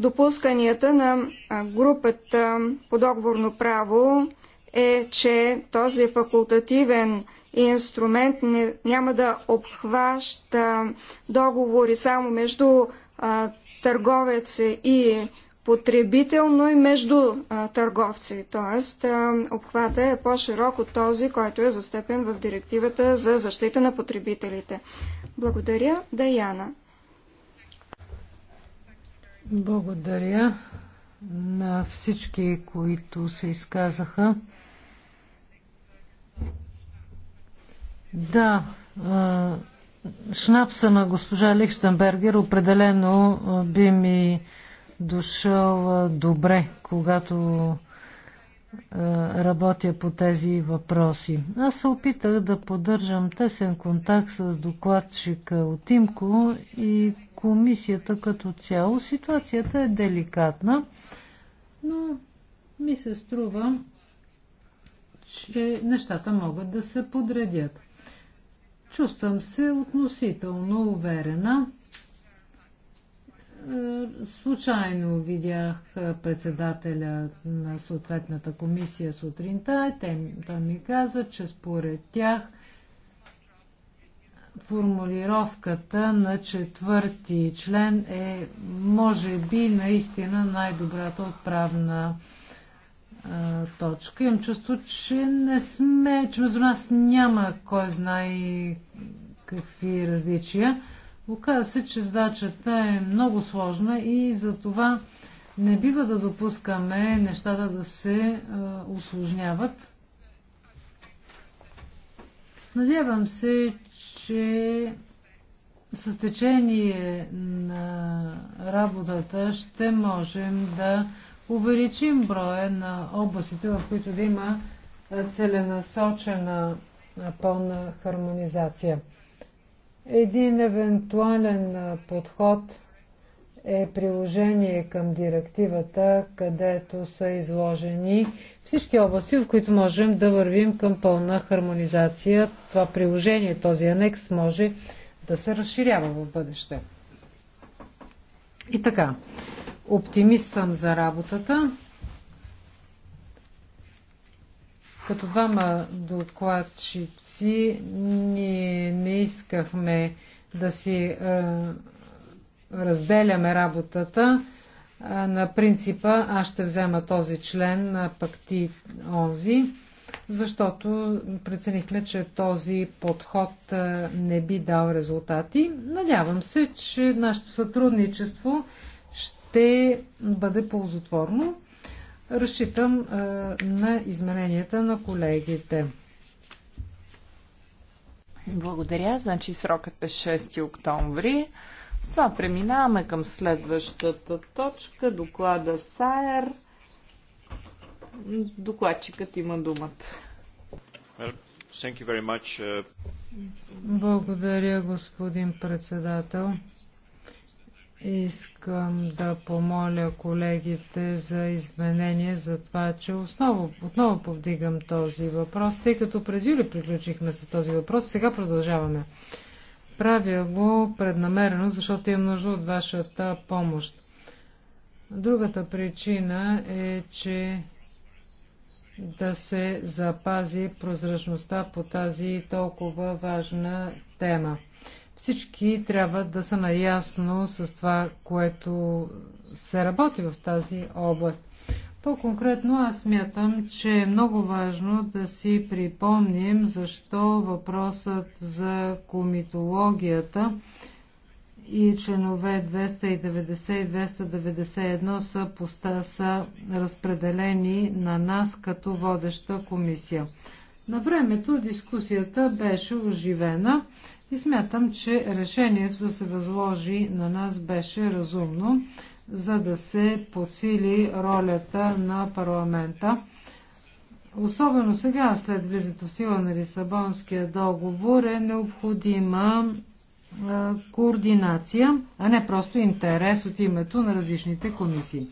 допусканията на групата по договорно право е, че този факултативен инструмент не, няма да обхваща договори само между а, търговец и потребител, но и между а, търговци. Тоест, а, обхвата е по-широк от този, който е застъпен в директивата за защита на потребителите. Благодаря, Даяна. Благодаря на всички, които се изказаха. Да, шнапса на госпожа Лихтенбергер определено би ми дошъл добре, когато работя по тези въпроси. Аз се опитах да поддържам тесен контакт с докладчика от Имко и комисията като цяло. Ситуацията е деликатна, но ми се струва, че нещата могат да се подредят. Чувствам се относително уверена. Случайно видях председателя на съответната комисия сутринта. Той ми каза, че според тях формулировката на четвърти член е, може би, наистина най-добрата отправна а, точка. Имам чувство, че не сме, че между нас няма кой знае какви различия. Оказва се, че задачата е много сложна и за това не бива да допускаме нещата да се а, усложняват. Надявам се, че с течение на работата ще можем да увеличим броя на областите, в които да има целенасочена пълна хармонизация. Един евентуален подход е приложение към директивата, където са изложени всички области, в които можем да вървим към пълна хармонизация. Това приложение, този анекс може да се разширява в бъдеще. И така, оптимист съм за работата. Като двама докладчици, ние не искахме да си е, разделяме работата на принципа аз ще взема този член, пък ти онзи, защото преценихме, че този подход не би дал резултати. Надявам се, че нашето сътрудничество ще бъде ползотворно. Разчитам на измененията на колегите. Благодаря. Значи срокът е 6 октомври. С това преминаваме към следващата точка. Доклада САЕР. Докладчикът има думата. Uh, Благодаря, господин председател. Искам да помоля колегите за изменение за това, че осново, отново повдигам този въпрос, тъй като през юли приключихме с този въпрос, сега продължаваме. Правя го преднамерено, защото имам нужда от вашата помощ. Другата причина е, че да се запази прозрачността по тази толкова важна тема. Всички трябва да са наясно с това, което се работи в тази област. По-конкретно аз смятам, че е много важно да си припомним защо въпросът за комитологията и членове 290 и 291 са, поста, са разпределени на нас като водеща комисия. На времето дискусията беше оживена и смятам, че решението да се възложи на нас беше разумно за да се подсили ролята на парламента. Особено сега, след влизането в сила на Лисабонския договор, е необходима координация, а не просто интерес от името на различните комисии.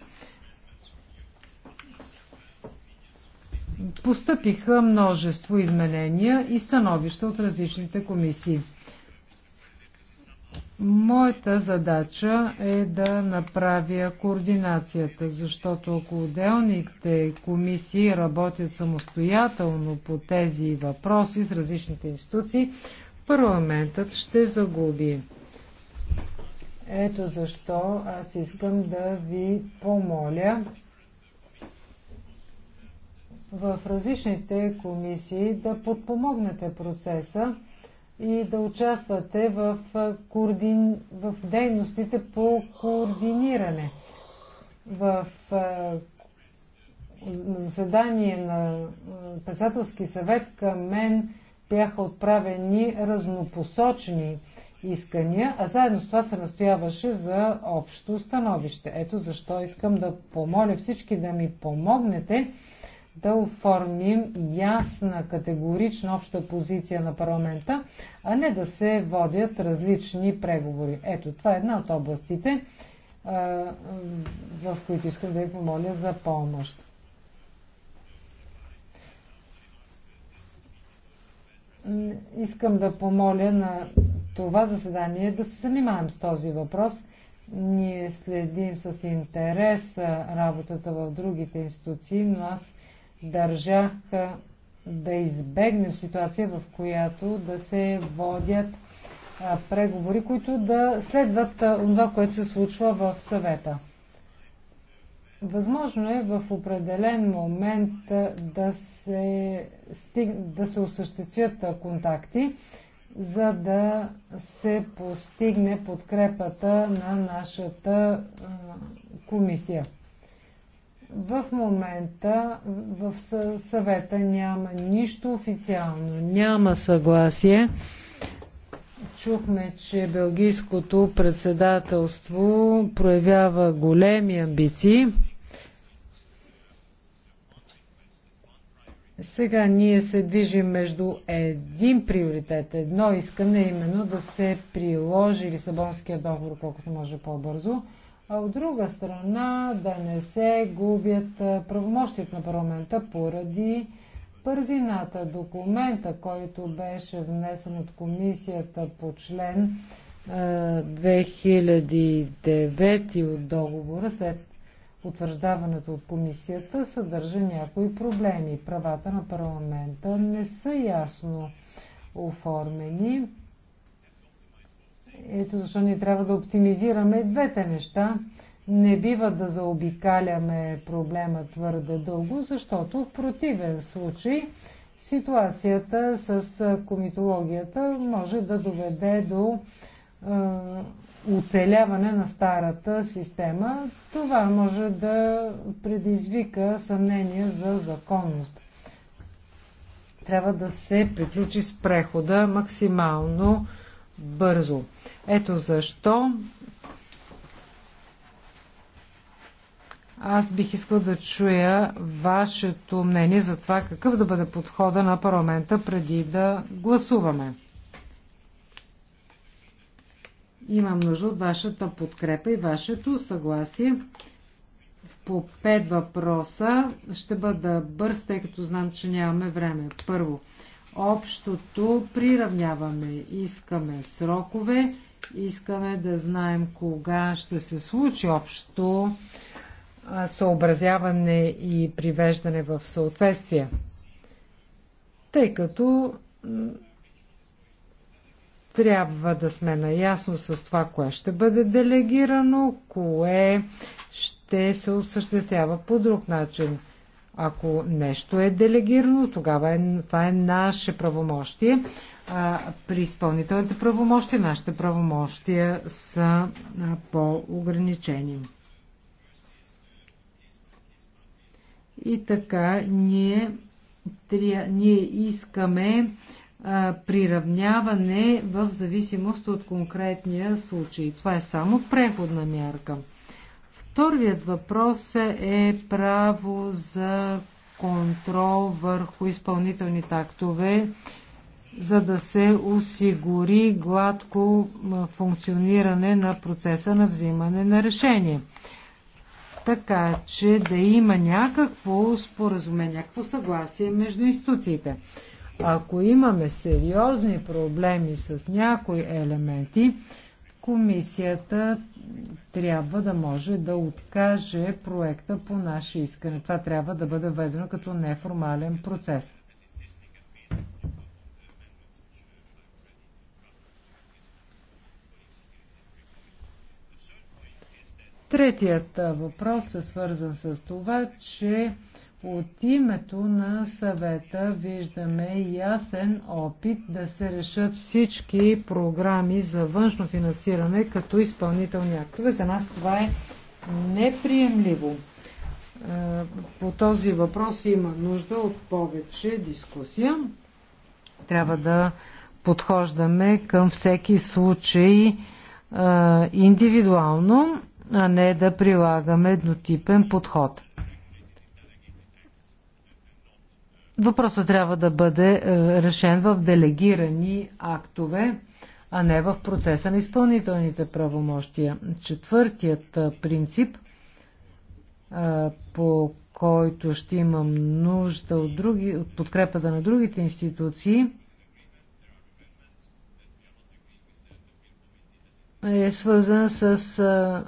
Постъпиха множество изменения и становища от различните комисии. Моята задача е да направя координацията, защото ако отделните комисии работят самостоятелно по тези въпроси с различните институции, парламентът ще загуби. Ето защо аз искам да ви помоля в различните комисии да подпомогнете процеса и да участвате в, координ... в дейностите по координиране. В заседание на председателски съвет към мен бяха отправени разнопосочни искания, а заедно с това се настояваше за общо становище. Ето защо искам да помоля всички да ми помогнете да оформим ясна, категорична обща позиция на парламента, а не да се водят различни преговори. Ето, това е една от областите, в които искам да ви помоля за помощ. Искам да помоля на това заседание да се занимаем с този въпрос. Ние следим с интерес работата в другите институции, но аз държах да избегнем ситуация, в която да се водят преговори, които да следват това, което се случва в съвета. Възможно е в определен момент да се, стиг... да се осъществят контакти, за да се постигне подкрепата на нашата комисия. В момента в съвета няма нищо официално, няма съгласие. Чухме, че Белгийското председателство проявява големи амбиции. Сега ние се движим между един приоритет, едно искане, е именно да се приложи Лисабонския договор колкото може по-бързо а от друга страна да не се губят правомощите на парламента поради пързината. Документа, който беше внесен от комисията по член 2009 от договора след утвърждаването от комисията съдържа някои проблеми. Правата на парламента не са ясно оформени. Ето защо ние трябва да оптимизираме двете неща. Не бива да заобикаляме проблема твърде дълго, защото в противен случай ситуацията с комитологията може да доведе до е, оцеляване на старата система. Това може да предизвика съмнение за законност. Трябва да се приключи с прехода максимално бързо. Ето защо аз бих искал да чуя вашето мнение за това какъв да бъде подхода на парламента преди да гласуваме. Имам нужда от вашата подкрепа и вашето съгласие. По пет въпроса ще бъда бърз, тъй като знам, че нямаме време. Първо, Общото приравняваме. Искаме срокове, искаме да знаем кога ще се случи общото съобразяване и привеждане в съответствие. Тъй като трябва да сме наясно с това, кое ще бъде делегирано, кое ще се осъществява по друг начин. Ако нещо е делегирано, тогава е, това е наше правомощие. А, при изпълнителните правомощия, нашите правомощия са по-ограничени. И така, ние, три, ние искаме а, приравняване в зависимост от конкретния случай. Това е само преходна мярка. Вторият въпрос е право за контрол върху изпълнителните актове, за да се осигури гладко функциониране на процеса на взимане на решение. Така че да има някакво споразумение, някакво съгласие между институциите. Ако имаме сериозни проблеми с някои елементи, комисията трябва да може да откаже проекта по наше искане. Това трябва да бъде введено като неформален процес. Третият въпрос е свързан с това, че от името на съвета виждаме ясен опит да се решат всички програми за външно финансиране като изпълнителни актове. За нас това е неприемливо. Е, по този въпрос има нужда от повече дискусия. Трябва да подхождаме към всеки случай е, индивидуално, а не да прилагаме еднотипен подход. Въпросът трябва да бъде е, решен в делегирани актове, а не в процеса на изпълнителните правомощия. Четвъртият е, принцип, е, по който ще имам нужда от, други, от подкрепата на другите институции, е свързан с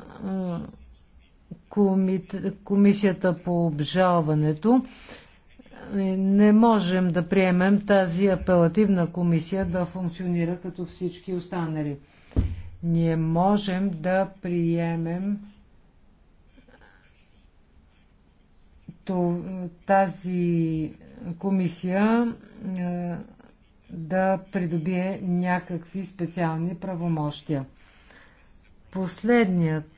комисията по обжалването е, не можем да приемем тази апелативна комисия да функционира като всички останали. Ние можем да приемем тази комисия е, да придобие някакви специални правомощия. Последният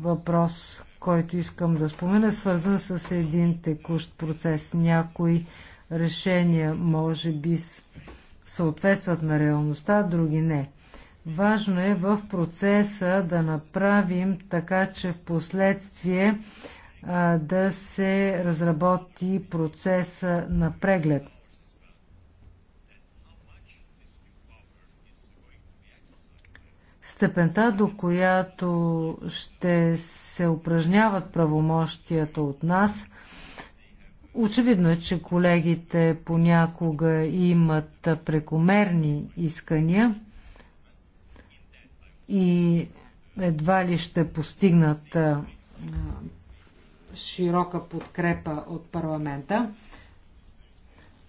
въпрос, който искам да спомена, свързан с един текущ процес. Някои решения може би съответстват на реалността, други не. Важно е в процеса да направим така, че в последствие да се разработи процеса на преглед – Степента, до която ще се упражняват правомощията от нас, очевидно е, че колегите понякога имат прекомерни искания и едва ли ще постигнат широка подкрепа от парламента.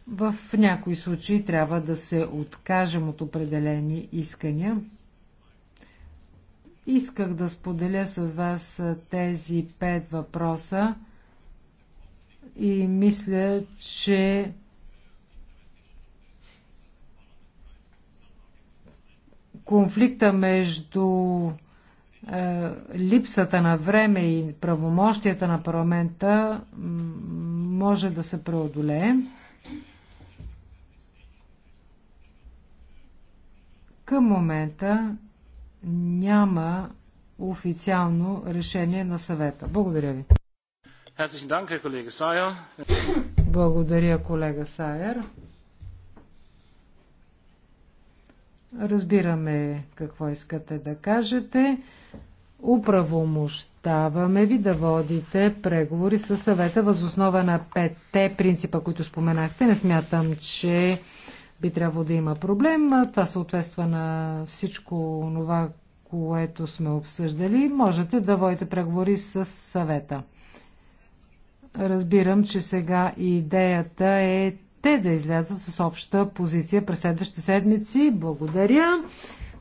В някои случаи трябва да се откажем от определени искания. Исках да споделя с вас тези пет въпроса и мисля, че конфликта между е, липсата на време и правомощията на парламента може да се преодолее. Към момента няма официално решение на съвета. Благодаря ви. Благодаря, колега Сайер. Разбираме какво искате да кажете. Управомощаваме ви да водите преговори с съвета възоснова на петте принципа, които споменахте. Не смятам, че би трябвало да има проблем. Това съответства на всичко това, което сме обсъждали. Можете да водите преговори с съвета. Разбирам, че сега идеята е те да излязат с обща позиция през следващите седмици. Благодаря.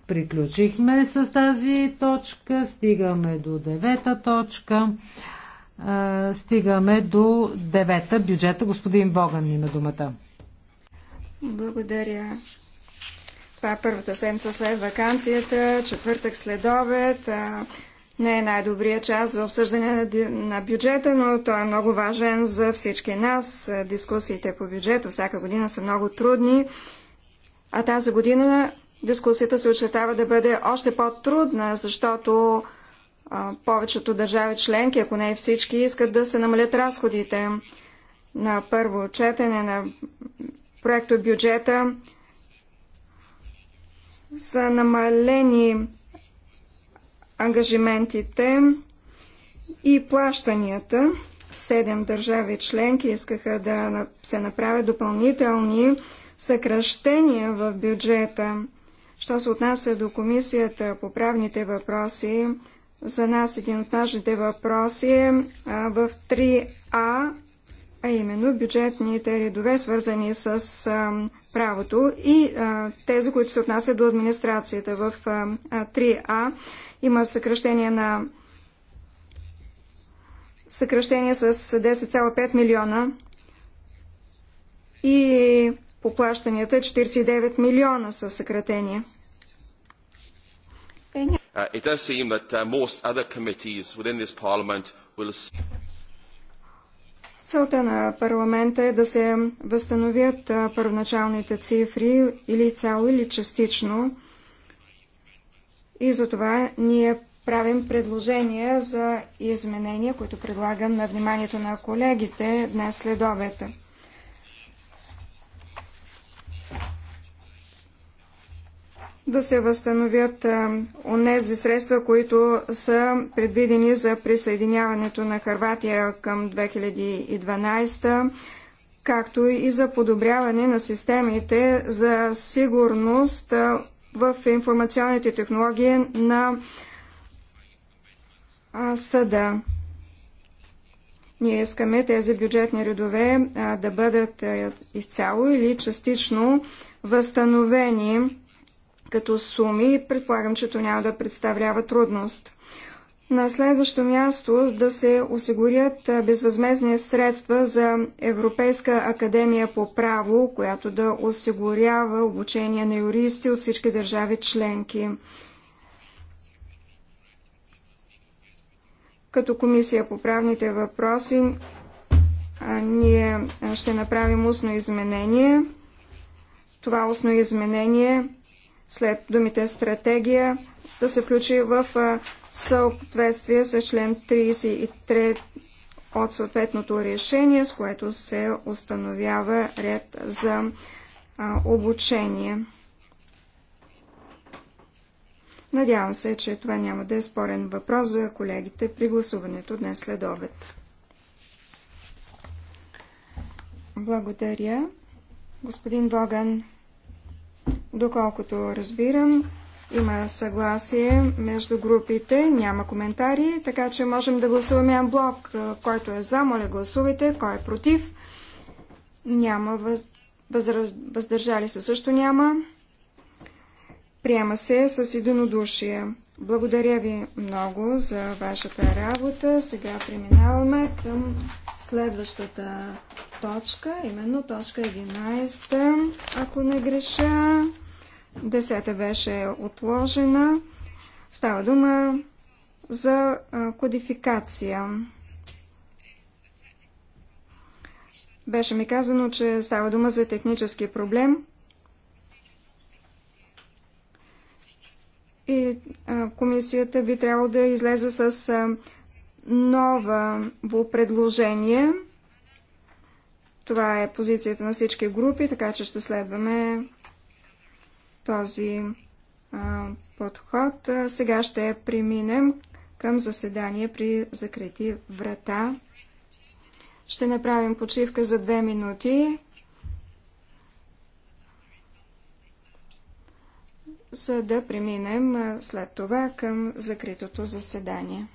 Приключихме с тази точка. Стигаме до девета точка. стигаме до девета бюджета. Господин Боган има думата. Благодаря. Това е първата седмица след вакансията, четвъртък след обед. Не е най-добрият час за обсъждане на бюджета, но той е много важен за всички нас. Дискусиите по бюджета всяка година са много трудни, а тази година дискусията се очертава да бъде още по-трудна, защото повечето държави членки, ако не всички, искат да се намалят разходите. На първо четене на проекто бюджета са намалени ангажиментите и плащанията. Седем държави членки искаха да се направят допълнителни съкръщения в бюджета. Що се отнася до Комисията по правните въпроси, за нас един от важните въпроси е в 3А а именно бюджетните редове, свързани с а, правото и а, тези, които се отнасят до администрацията. В а, 3А има съкръщение на съкръщение с 10,5 милиона и поплащанията 49 милиона са съкратени. Е, uh, it does seem that uh, most other committees within this parliament will Целта на парламента е да се възстановят първоначалните цифри или цяло или частично. И за това ние правим предложения за изменения, които предлагам на вниманието на колегите днес след обед. да се възстановят онези средства, които са предвидени за присъединяването на Харватия към 2012, както и за подобряване на системите за сигурност в информационните технологии на съда. Ние искаме тези бюджетни редове да бъдат изцяло или частично възстановени като суми, предполагам, че то няма да представлява трудност. На следващо място да се осигурят безвъзмезни средства за Европейска академия по право, която да осигурява обучение на юристи от всички държави членки. Като комисия по правните въпроси ние ще направим устно изменение. Това устно изменение след думите стратегия да се включи в съответствие с член 33 от съответното решение, с което се установява ред за обучение. Надявам се, че това няма да е спорен въпрос за колегите при гласуването днес след обед. Благодаря. Господин Боган, Доколкото разбирам, има съгласие между групите, няма коментари, така че можем да гласуваме блок. Който е за, моля гласувайте, кой е против, няма въз... Възр... въздържали се също няма. Приема се с единодушие. Благодаря ви много за вашата работа. Сега преминаваме към следващата точка, именно точка 11, ако не греша. Десета беше отложена. Става дума за кодификация. Беше ми казано, че става дума за технически проблем. и комисията би трябвало да излезе с ново предложение. Това е позицията на всички групи, така че ще следваме този подход. Сега ще преминем към заседание при закрити врата. Ще направим почивка за две минути. за да преминем след това към закритото заседание.